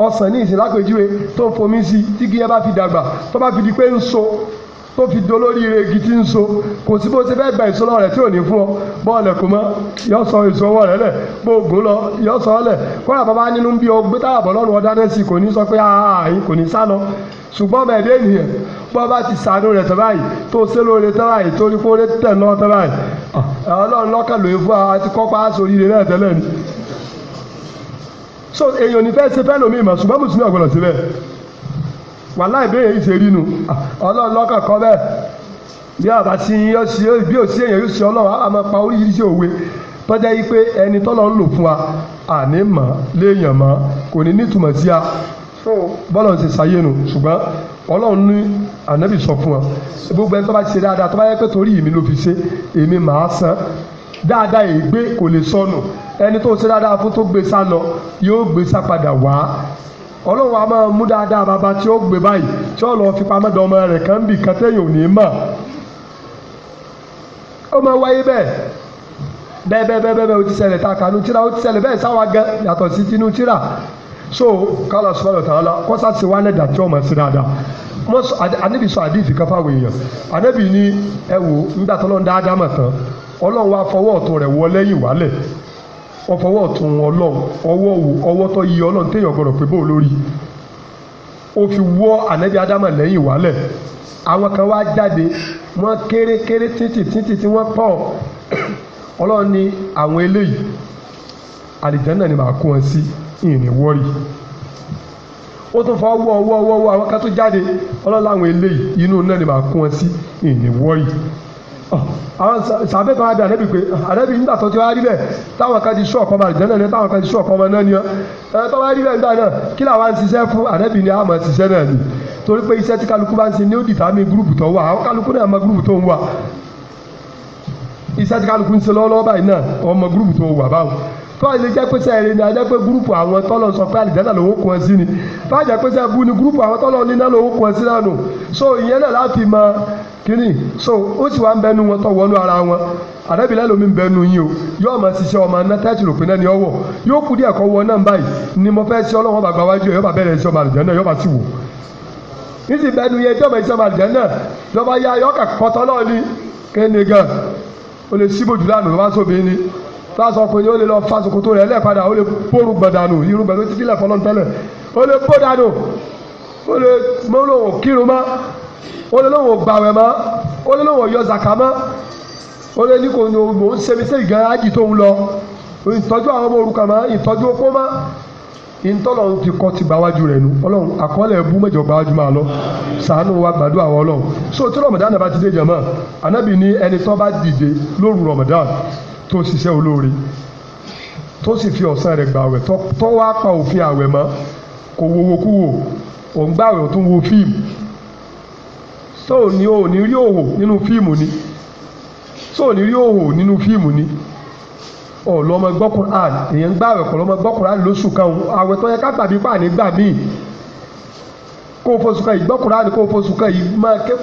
ọsàn ní ìsìn lápèjúwe tó ń fomi sí tígi yẹn bá fi dàgbà tó bá fi di pé ń so tó fi dolóríire igi tí ń so kò sí bó ṣe fẹ́ gba èso lọ́wọ́ rẹ̀ tí ò ní fún ọ bọ́ọ̀lù ẹ̀kọ́ mọ́ yọ sọ èso ọwọ́ rẹ̀ lẹ̀ bó ògùn lọ yọ sọ ọ lẹ̀ kọ́ra bàbá nínú bí ọgbé táàbọ̀ lọ́rùn ọ̀dá náà sì kò ní sọ pé ààyè kò ní sá lọ ṣùgbọ́n ọmọ ẹ̀dẹ́ ènìyàn bọ́ bá ti sàánú rẹ̀ tán báyìí tó ṣe lóore tán báyìí torí pé ó lé tẹ̀ lọ́wọ́ tán báyìí ọlọ́run lọ́kàn lóye fún wa àti kọ́pá sóríire náà tẹ́lẹ̀ ni so èèyàn ò ní fẹ́ ṣe fẹ́ lómi ìmọ̀ ṣùgbọ́n mùsùlùmí ọ̀gbọ́dọ̀ síbẹ̀ wàhálà ìbéèrè yìí ṣe rí nu ọlọ́run lọ́kàn kọ́ bẹ́ẹ̀ bí àbá sí yóò sí bí ò sí èèyàn yóò sí ọlọ́run á máa pa oríṣiríṣi òwe tọ́jà yìí pé ẹni tọ́lọ́ ń lò fún wa àní mọ̀ léèyàn mọ̀ kò ní nítumọ̀ sí a bọ́lọ̀ ń ṣe ṣayé nu ṣùgbọ́n ọlọ́run ní ànábì sọ fún wa gbogbo ẹni tó bá ṣe dáadáa tó bá yẹ pé torí èmi ló fi ṣe èmi màá san dáadáa yìí kò lè sọnù ẹni tó ṣe dáadáa fún tó gbé sá lọ yóò gbé sá padà wá ọlọ́run wa máa mú dáadáa bàbá tí ó gbé báyìí tí ó lọ fi pamọ́ dán ọmọ rẹ̀ kan bì kan téèyàn ò ní mọ̀ ó máa wáyé bẹ́ẹ̀ bẹ́ẹ̀ bẹ́ẹ̀ bẹ́ẹ̀ bẹ́ẹ̀ ó ti ṣẹlẹ̀ ta kanu tíra ó ti ṣẹlẹ̀ bẹ́ẹ̀ sáwa gan yàtọ̀ sí tinú tíra so kálọ̀ sọ̀rọ̀ tàn án la kọ́sà sí wánẹ̀ dà tí ó mọ̀ sí dáadáa wọ́n sọ anabi sọ àdìsí kan fáwọn èèyàn anabi ní ẹ wò ńgbà tọ́lọ́ ń dá ádámọ̀ tán ọlọ́run wa fọwọ́ ọ̀tún rẹ̀ wọlé yìí wálẹ̀ wọ́n fọwọ́ ọ̀tún ọlọ́run ọwọ́ òwò ọwọ́ tó yí ọlọ́run téèyàn gbọ́dọ̀ pé bóò lórí ó fi wọ́ ànábì ádámà lẹ́yìn wálẹ̀ àwọn kan wá jáde wọ́n kéré kéré títì títì tí wọ́n pọ̀ ọlọ́run ní àwọn eléyìí àlìjánnà ni màá kó wọn sí ìrìn wọ́rì ó tún fọ́ wọ́ wọ́ wọ́ àwọn kan tó jáde ọlọ́run láwọn eléyìí inú náà ni màá kó wọn sí ìrìn wọ́rì àwọn sàbẹ̀ kan adé ànábì pé ànábì nígbà tó ti wá rí bẹ́ẹ̀ táwọn kan ti sọ ọ̀kan máa jẹ́nà ni táwọn kan ti sọ ọ̀kan máa náà ni ẹ tó wá rí bẹ́ẹ̀ nígbà náà kí làwa ń ṣiṣẹ́ fún ànábì ni a máa ṣiṣẹ́ náà ni torí pé iṣẹ́ tí kálukú bá ń ṣe ni ó dìtàmì gúrùpù tó wà àwọn kálukú náà mọ gúrùpù tó ń wà iṣẹ́ tí kálukú ń ṣe lọ́wọ́lọ́wọ́ báyìí náà ọmọ gúrùpù tó wà báwọn tọ́wọ́ ilé jẹ́ pẹ́sẹ́ eré ni ajẹ́ pé gúrùpù àwọn tọ́lọ̀ sọ pé àlìjáná lòún kún ẹ sí ni tọ́wọ́ jẹ́ pẹ́sẹ́ bú ni gúrùpù àwọn tọ́lọ̀ náà so ìyẹn náà láti mọ so ó sì wá ń bẹnu wọn tọ́ wọnú ara wọn àdẹ́bìlẹ́ lomi ń bẹnu o yóò máa ṣiṣẹ́ ọmọ náà ni ọwọ́ yóò kú díẹ̀ kọ́ wọ náà báyìí ni mo fẹ́ ṣe bàgbà wájú ẹ̀ yóò bá bẹ̀rẹ̀ ṣe ọmọ tá a sọ fún yín ó lè lọ fa ṣòkòtò rẹ̀ lẹ́ẹ̀padà ó lè bóru gbọ̀dànù irun gbọ̀dọ̀ títí lẹ̀ fọlọ́n tẹ́lẹ̀ ó lè bó dànù ó lè mọ́ lòun kírun mọ́ ó lè lòun gbàwẹ̀ mọ́ ó lè lòun yọ zàkà mọ́ ó lè ní kò ní òun ń ṣe iṣẹ́ ìgáràjì tó ń lọ ìtọ́jú àwọn ọmọ òrukàn mọ́ ìtọ́jú opó mọ́ ìtọ́lọ́run ti kọ́ ti gbáwájú rẹ̀ nu ọlọ́run àkọọ́lẹ̀ ẹ̀bú mẹ́jọ gbáwájú máa lọ sàánú wa gbàdúrà wọ ọlọ́run so tí rọmọdán náà bá ti dé jẹ̀mọ́ ànábì ní ẹni tó bá dìde lóru rọmọdán tó ṣiṣẹ́ olóore tó sì fi ọ̀sán rẹ̀ gbàwẹ̀ tó wá pa òfin àwẹ̀ mọ́ kò wowó kúwò òun gbàwẹ̀ tó ń wo fíìmù so ni o ní rí òhò nínú fíìmù ni so ní rí òhò nínú fíìmù ni ọlọmọ gbọ́ Quran èèyàn gbàwẹ̀ kọ́ lọ́mọ gbọ́ Quran lóṣù kan àwẹ̀ tó yẹ ká gbàbí pàní gbà míì kó o fosùn kan yìí gbọ́ kó o fosùn kan yìí máa ké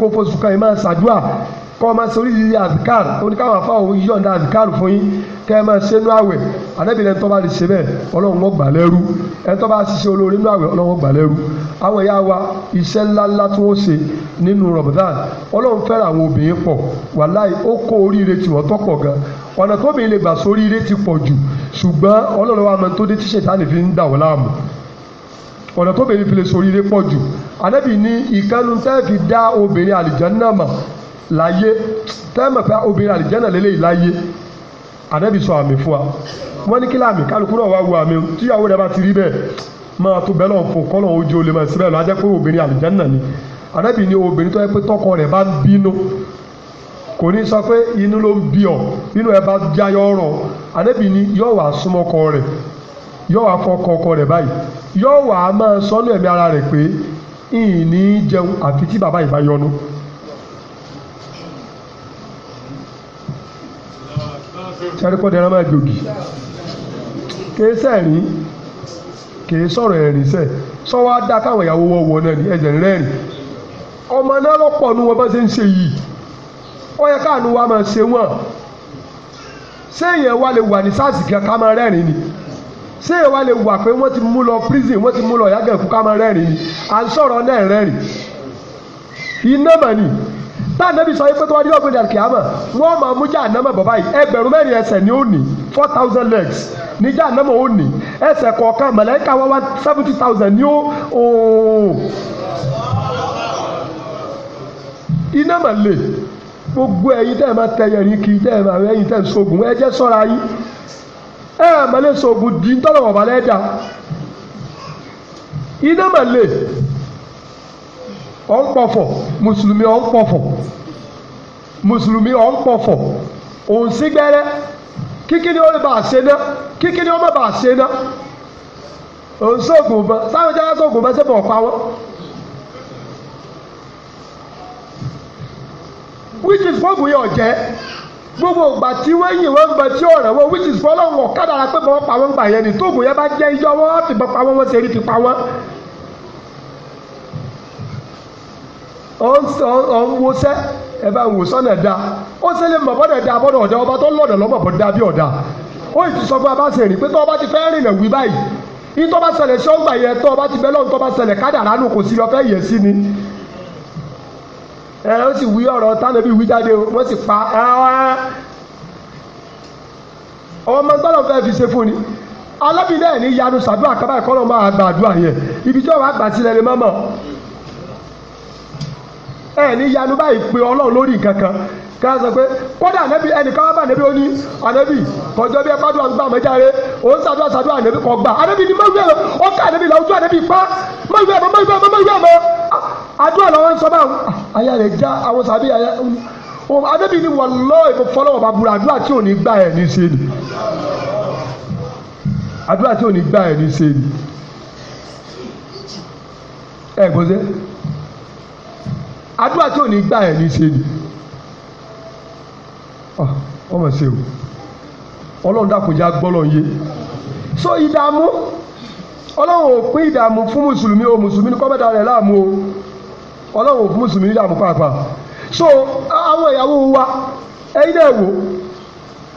kó o fosùn kan yìí máa ṣàdúrà kọ́ ọ máa ṣe oríṣiríṣi azikar oníkàwọn afá òun yíyọ̀ǹda azikar fún yín kẹ́ ẹ máa ṣe nú àwẹ̀ anábìrin ẹni tó bá lè ṣe bẹ́ẹ̀ ọlọ́run wọ́n gbà lẹ́rú ẹni tó ṣiṣẹ́ olóore nú àwẹ̀ ọlọ́run wọ́n gbà lẹ́rú àwọn ìyá wa iṣẹ́ ńláńlá tí wọ́n ṣe nínú Ramadan ọlọ́run fẹ́ràn àwọn obìnrin pọ̀ wàláì ó kó oríire tí wọ́n tọ́pọ̀ gan ọ̀nà tóbìnrin lè gbà sóríire ti pọ̀ jù ṣùgbọ́n ọlọ́run wa mọ̀ tó dé tíṣẹ̀ tánì fi ń dà wọ́n láàmú ọ̀nà tóbìnrin fi lè sóríire pọ̀ láyé tẹ́ẹ̀mọ̀ pé obìnrin àlìjẹ́nà lélẹ́yìí láyé ànábì sọ àmì fún wa wọ́n ní kí láàmì kálukú náà wá wo àmì tíyàwó rẹ̀ bá ti rí bẹ́ẹ̀ máa tó bẹ́ẹ̀ lọ́n fún kọ́lọ́n ojú olè máa síbẹ̀ lọ ajẹ́ pé obìnrin àlìjẹ́nà ni ànábì ní obìnrin tó yẹ pé tọkọ rẹ̀ bá ń bínú kò ní sọ pé inú ló ń bí ọ nínú ẹ bá já yọ ọ̀rọ̀ ànábì ní yọ wà súnmọ́kọ rẹ̀ yọ wà kọkọ ọkọ rẹ̀ báyìí yọ wà máa sọnù ẹ̀mí ara rẹ̀ pé ìní jẹun àfi tí bàbá ìbá sẹ́ríkọ́ dẹ́rẹ́ máa jògì kìí sẹ́rìn kìí sọ̀rọ̀ ẹ̀rìn sẹ́ sọ́wọ́ á dá káwọn ìyàwó wọ̀ wọ̀ náà ní ẹ̀jẹ̀ rẹ́rìn ọmọ náà lọ́pọ̀ nu wọn bá ṣe ń ṣe yìí ó yẹ káàánú wa máa ṣe wọ́n séèyàn wa lè wà ní sars kan ká máa rẹ́rìn ni séèyàn wa lè wà pé wọ́n ti mú lọ prison wọ́n ti mú lọ yàgànkú ká máa rẹ́rìn ni à ń sọ̀rọ̀ náà rẹ́rìn iná mà tá ànábì sọ yìí pé tó wá ní ọ̀gbìn àkìyàmọ̀ wọ́n máa mú jàǹdámọ̀ bàbá yìí ẹgbẹ̀rún mẹ́rin ẹsẹ̀ ni ó ní four thousand legs ní jàǹdámọ̀ ó ní ẹsẹ̀ kọ̀ọ̀kan mọ̀lẹ́kà wá wá seventy thousand ní ó ooo iná mà lè gbogbo ẹ̀yin tẹ́ ẹ máa tẹ yẹ̀rì kì í tẹ́ ẹ máa rẹ ẹ̀yin tẹ́ ẹ sọ̀gùn ẹ jẹ́ sọ́ra yín ẹ máa lè sọ̀gùn dín tọ́lọ̀ wọ̀ balẹ̀ dà iná mà lè ọ̀ ń pọ̀fọ̀ mùsùlùmí ọ̀ ń pọ̀fọ̀ mùsùlùmí ọ̀ ń pọ̀fọ̀ òun sí gbẹ́rẹ́ kíkíní ó lè bá a ṣe ná kíkíní ó má bá a ṣe ná òun sóògùn bá táwọn jáde sóògùn bá sẹ́bọ̀ pa wọ́n. which is fóògùn yẹn ọ̀jẹ́ gbogbo ìgbà tí wọ́n yìn wọ́n gbẹ tí ọ̀rẹ́ wọn which is fọlọ́wọ̀n kádàrà pé wọ́n pa wọ́n gbà yẹn ni tóògùn yẹn bá jẹ́ ijọ́ wọn á fi bọ́ pa wọ́n wọ́n ṣe rí fi pa wọ́n. ọ̀n wosẹ́ ẹ bá wò sọ́nà da ó sẹ́lẹ̀ mọ̀ bọ́dọ̀ da bọ́dọ̀ ọ̀dà ọba tó lọ́dọ̀ lọ́mọ̀ bọ́ da bí ọ̀dà ó ì sọ fún abá sẹ̀rìn pé tó ọba ti fẹ́ rìnà wí báyìí yín tó bá ṣẹlẹ̀ sí ọgbà yẹn tó ọba ti bẹ́ lọ́run tó bá ṣẹlẹ̀ kádàrá nù kò sí ọfẹ́ yẹ sí ni. ẹ ó sì wí ọ̀rọ̀ tánàbí wí jáde wọ́n sì pa ọmọ gbọ́dọ̀ fẹ́ fi ṣe fún ni alábìnrin náà ní yanu sàdúrà kábàáyé kọ́ ẹ ní yanu báyìí pé ọlọ́run lórí nǹkan kan kí anabi sọ pé kódà ànábì ẹnìkan wá bá ànábì ó ní ànábì kọjọ bí ẹ bá dùn àgbà mẹ́járe ni mọ̀wé ẹ̀ ó ká ànábì làwùjọ ànábì pa mọ̀wé ẹ̀ mọ̀wé ẹ̀ mọ̀wé ẹ̀ mọ̀ ah, àdúrà làwọn sọ bá àyà ah, rẹ̀ já àwọn sàbí àyà ànábì ni àdúrà tí ò ní gbà ẹ̀ ní ṣe ni ah, wọ́n mọ̀ ṣe o ọlọ́run dàkúnjá gbọ́lọ̀ yé so ìdààmú ọlọ́run ò pín ìdààmú fún mùsùlùmí o mùsùlùmí ní kọ́mẹ́ta rẹ̀ láàmú o ọlọ́run ò fún mùsùlùmí ní ìdààmú pàápàá so àwọn ìyàwó wa ẹ̀yin náà wò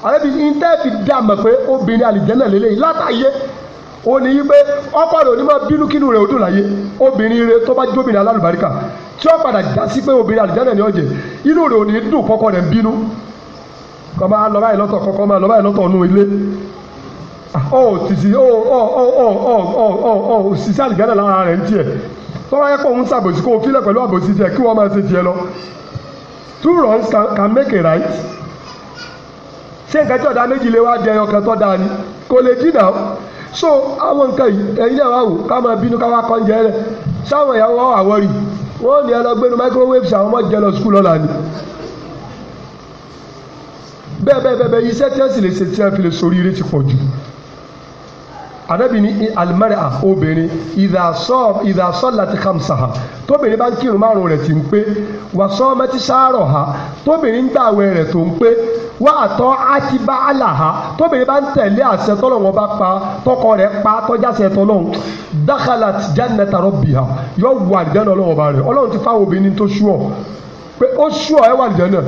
àrẹ́bí intẹ́ẹ̀fì dààmú pé obìnrin àlìjẹ́nà lélẹ́yìn látàyé ó ní yí pé ọkọ rẹ̀ onímọ̀ bínú kínú rẹ̀ ó dùn láyé obìnrin rẹ̀ tó bá jóbìnrin alálùbáríkà tí wọ́n padà já sí pé obìnrin àlùjáde ni ọ̀jẹ̀ inú rẹ̀ ò ní dùn kọ́kọ́ rẹ̀ ń bínú kọ́ máa lọ báyìí máa lọ báyìí ilé ọ ah, ò tìsí ọ ọ ọ ọ ọ ọ ọ ọ òṣìṣẹ́ àlùjáde lára rẹ̀ ń tiẹ̀ tó bá kó ń ṣàbòsí kó o fílẹ̀ pẹ̀lú àbòsí tiẹ̀ kí wọ́n máa ṣe tiẹ̀ lọ two wrongs can, can make a right ṣé nǹkan tó da méjì lè wá di ẹyọ tó ni kò lè so àwọn nǹkan yìí ẹ̀yin náà wà wò ká máa bínú ká wá kọ́ ń jẹ́ rẹ̀ sáwọn ìyàwó wà wọ́n ní ẹ lọ gbénu microwave àwọn ọmọ jẹ lọ sukùl lọ́la ni bẹ́ẹ̀ bẹ́ẹ̀ bẹ́ẹ̀ iṣẹ́ tí wọ́n sì lè ṣe tí wọ́n fi lè sori eré ti pọ̀ jù anabi ni alimari a obìnrin ìdásọ́ láti kàmsà ha tóbìnrin bá ń kírun márùn rẹ̀ ti ń pé wàsọ́ mẹ́tí sáárọ̀ ha tóbìnrin ń gbàwẹ̀ rẹ̀ tó ń pé wá àtọ́ àtibá àlàhà tóbìnrin bá ń tẹ̀lé àṣẹ tọ́lọ́wọ́n bá pa tọkọ rẹ̀ pa tọ́jàṣẹ tọ́lọ́wọ́n dakhalat jannata rabbiha yọ wà dẹ́nu ọlọ́wọ́n bá rẹ̀ ọlọ́run ti fáwọn obìnrin tó ṣú pé ó ṣú ẹ wà dẹ́nu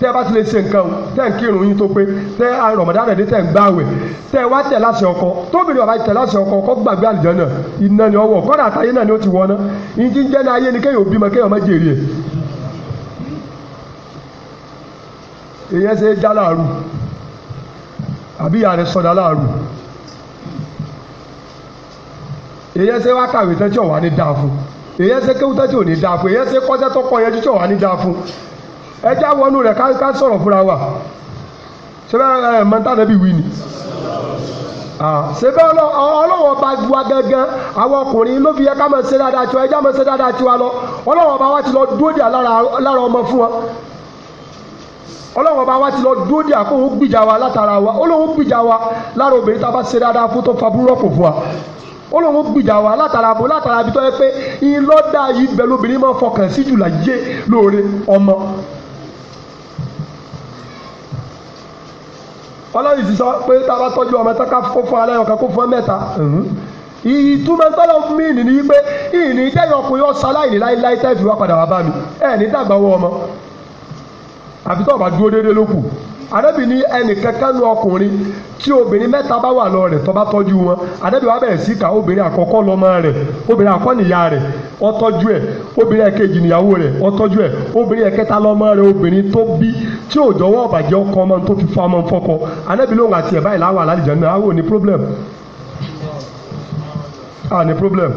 tẹ́ bá ti lè ṣe nǹkan o tẹ́ ń kírun yín tó pé tẹ́ rọ̀mọ̀dánù ẹ̀dẹ́ tẹ́ ń gbààwẹ̀ tẹ́ wá tẹ̀ láṣẹ ọkọ tóbìnrin ọ̀bá tẹ̀ láṣẹ ọkọ kọ́ gbàgbé àlùjànnà iná ni ọwọ́ kọ́dà àtàyé náà ni ó ti wọ́n ná yín ti ń jẹ́ ní ayé ni kéèyàn bímọ kéèyàn má jèrè ẹ̀ èyàn ṣe é dá láàrú àbí ìyá rẹ̀ sọdá láàrú èyàn ṣe wá kàwé tẹ́tí ọ̀wá ní dáa fún èyàn ṣe kéwú tẹ́tí ò ní dáa fún èyàn ṣe kọ́sẹ́ tó kọ́ yẹn títí ọ̀wá ní ẹ já wọnú rẹ̀ ká sọ̀rọ̀ fúnra wa ṣé bẹ́ẹ̀ ẹ mọ tánà bí wí ni ṣé bẹ́ẹ̀ ọlọ́wọ́ bá wa gangan àwọn ọkùnrin ló fi yẹ ká máa ṣe dáadáa tiwa ẹ já máa ṣe dáadáa tiwa lọ ọlọ́wọ́ bá wa ti lọ dóde lára ọmọ fún wa ọlọ́wọ́n bá wa ti lọ dúró dé àkóhùn gbìjà wa látara wa ọlọ́wọ́n gbìjà wa lára obìnrin tá a bá ṣe dáadáa fún tó fa búrọ́pù fún wa ọlọ́wọ́n gbìjà wa látara bó látara bí tó yẹ pé ìlọ́dà yìí bẹ̀ lóbìnrin máa fọkàn sí jùlọ yé lóore ọmọ ọlọ́run ti sọ pé tá a bá tọ́jú ọmọ tán ká kó fún aláyọ̀ kan kó fún mẹ́ta ìtumọ̀ tọ́lọ̀ fún mi nìyí pé ìní dẹ́yọ̀ ọkùnrin ọ̀sán láìní láíláí tẹ́ fi wá padà wá bá mi ẹ̀ ní dàgbà wọ ọmọ àfi tó o bá dúró déédéé ló kù ànábì ní ẹnìkankan nu ọkùnrin tí obìnrin mẹ́ta bá wà lọ rẹ̀ tó bá tọ́jú wọn ànábì wa bẹ̀rẹ̀ sí ka obìnrin àkọ́kọ́ lọ́mọ rẹ̀ obìnrin àkọ́kọ́ nìyá rẹ̀ ó tọ́jú ẹ̀ obìnrin ẹ̀kejì nìyàwó rẹ̀ ó tọ́jú ẹ̀ obìnrin ẹ̀kẹta lọ́mọ rẹ̀ obìnrin tó bí tí ò jọwọ́ ọ̀bàjẹ́ ọkọ ọmọ tó fi fa ọmọ fọkọ ànábì lóhùn àti ẹ̀ báyìí láwà lálẹ́ Ah, no problem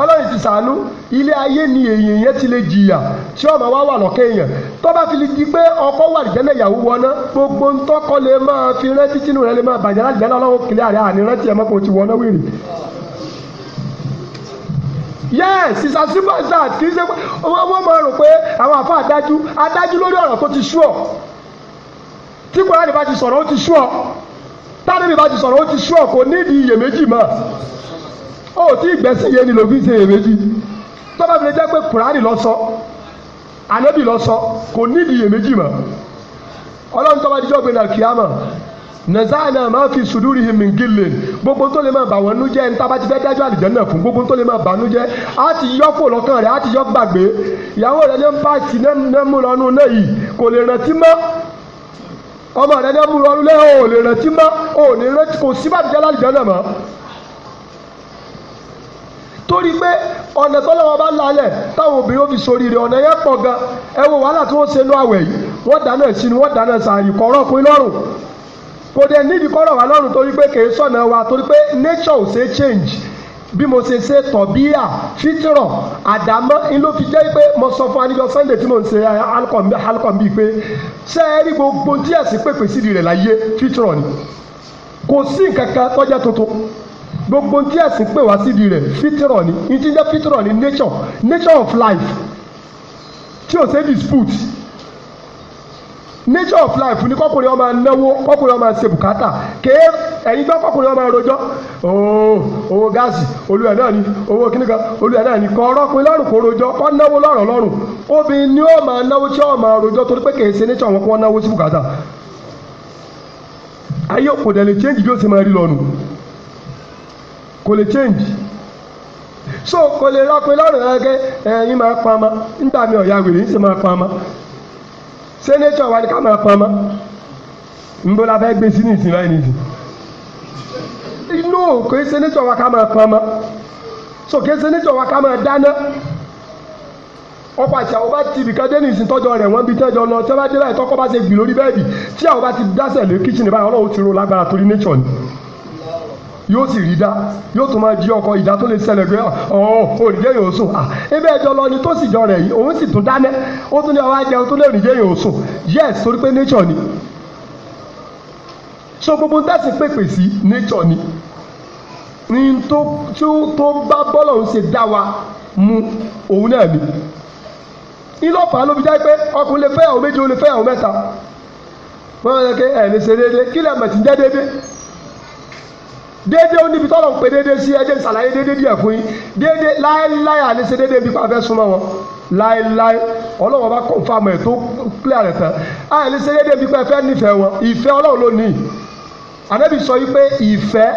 ọlọ́run ti sàánú ilé ayé ni èèyàn yẹn ti lè jìyà tí ọmọ wa wà lọ́kẹ́ èèyàn tó bá fi lè di pé ọkọ wà lìjẹ́lẹ̀ ìyàwó wọná gbogbo ntọ́kọ lè máa fi rántí tínú rẹ lè máa bàjẹ́ láti jẹ́lẹ̀ ọlọ́run kìlẹ̀ àrẹ àní rántí ẹ̀ mọ́kò ti wọná wèrè. yes sísá sípàṣà kì í ṣe pé wọ́n máa rò pé àwọn àfa adájú adájú lórí ọ̀rọ̀ tó ti sú ọ tí kòránì bá ti sọ̀rọ̀ ó ti sú ọ tádébì bá ti sọ̀rọ̀ ó ti ìgbẹ́sìn yé ni ló fi ṣe iyèméjì tó bá fi lè jẹ́ pé kùránì lọ sọ ànábì lọ sọ kò nídìí iyèméjì mọ́ ọlọ́run tó bá dijọ́ gbé náà kíámà nàzáàna máa fi sùdúrì hìmì gílè gbogbo tó lè máa bà wọn nújẹ́ ní tábàtí fẹ́ dájọ́ àlìjẹ́nà fún gbogbo tó lè máa bà nújẹ́ á ti yọ́ fò lọ́kàn rẹ̀ á ti yọ́ gbàgbé ìyàwó rẹ̀ ní pàṣẹ nẹ́mú lọ́nu náà yìí kò lè rántí mọ́ ọmọ rẹ̀ nẹ́mú lọ́nu náà ò lè rántí mọ́ ò ní rántí kò síbàdìjẹ́ láàlìjẹ́nà mọ́ torí pé ọ̀nà tọ́lọ́wọ́ bá lálẹ̀ táwọn obìnrin ó fi soríire ọ̀nà yẹn pọ̀ gan ẹ wo wàhálà tí wọ́n ṣe lọ àwẹ̀ yìí wọ́n dáná ìsinmi wọ́n dáná sàárì kọ́rọ́ pin lọ́rùn kò dé nídìí kọ́rọ̀ wá lọ́rùn torí pé kèé sọ̀nà wa torí pé nature ò ṣe change bí mo ṣe ṣe tọ̀bíyà fitrọ̀ àdámọ́ ló fi jẹ́ pé mo sọ fún anijọ sunday tí mo ń ṣe alcom bíi pé ṣé ẹ rí gbogbo díẹ̀ sí pèpè sídìí rẹ̀ láyé fitrọ̀ ni kò sí nǹkan kan tọ́jà tuntun gbogbo tí ẹ̀sìn pè wá sídìí rẹ̀ fitrọ̀ ni ìtí jẹ́ fitrọ̀ ni nature nature of life tí ò ṣe dispute nature of life ni kọkùnrin ọmọ náwó kọkùnrin ọmọ ṣe bùkátà kéé ẹ̀yin gbọ́ kọkùnrin ọmọ rojọ́ ooo owó gáàsì olùyẹ̀ náà ni owó náà ni lọ́rùn rojọ́ kọ́ náwó lọ́rùn obìnrin ni ó máa náwó tí ó máa rojọ́ torí pé kèé ṣe nature wọn kó náwó sí bùkátà ayé dẹ̀ lè change bí ó ṣe kò lè change so kò lè ra pé lọ́rùn ẹ̀kẹ́ ẹ̀yin máa pa ọmọ nígbà mi ọ̀ya wèrè ń sì máa pa ọmọ nature wa ni ká máa pa ọmọ nbó la fẹ́ gbé sí ní ìsìn láì ìsìn inú òkè sẹ́nẹ́tọ̀ wa ká máa pa ọmọ sòkè nature wa ká máa dáná ọkọ àti àwọn bá ti ibì dé ní ìsìn bí lọ láì bá ṣe lórí tí àwọn bá ti lé kíchìnì báyìí ti ro lágbára torí nature ni. yóò sì rí dá yóò tún máa jí ọkọ ìdá tó lè ṣẹlẹ̀ pé ọ̀hún oh, òrìjẹ́ yóò sùn à ah, ebe ẹjọ́ lọ ni tó sì jọ rẹ̀ yìí òun sì tún dáná ó tún ní ọwọ́ ajẹun tó lè òrìjẹ́ yóò sùn yes torí pé nature ni so gbogbo tẹ́sí pèpè sí nature ni ní tó tó bá bọ́lọ̀ ń ṣe dá wa mu òun náà ni ìlọ́pàá ló fi jẹ́ pé ọkùnrin lè fẹ́ àwọn méjì ó lè fẹ́ àwọn mẹ́ta wọ́n yẹ kí ẹ̀ lè ṣe déédéé kí lè mọ̀ jẹ́ déédéé déédé ó níbi tọ́lọ̀ ń pè déédé sí ẹjẹ́ ìsàlàyé déédé díẹ̀ fún yín déédé láéláé àní ṣe déédé nípa afẹ́ súnmọ́ wọn láéláé ọlọ́wọ́n bá kọ́nfàmù ẹ̀ tó clear rẹ̀ tán àní ṣe déédé nípa ẹfẹ́ nífẹ̀ẹ́ wọn ìfẹ́ ọlọ́run ló ní ànábì sọ yí pé ìfẹ́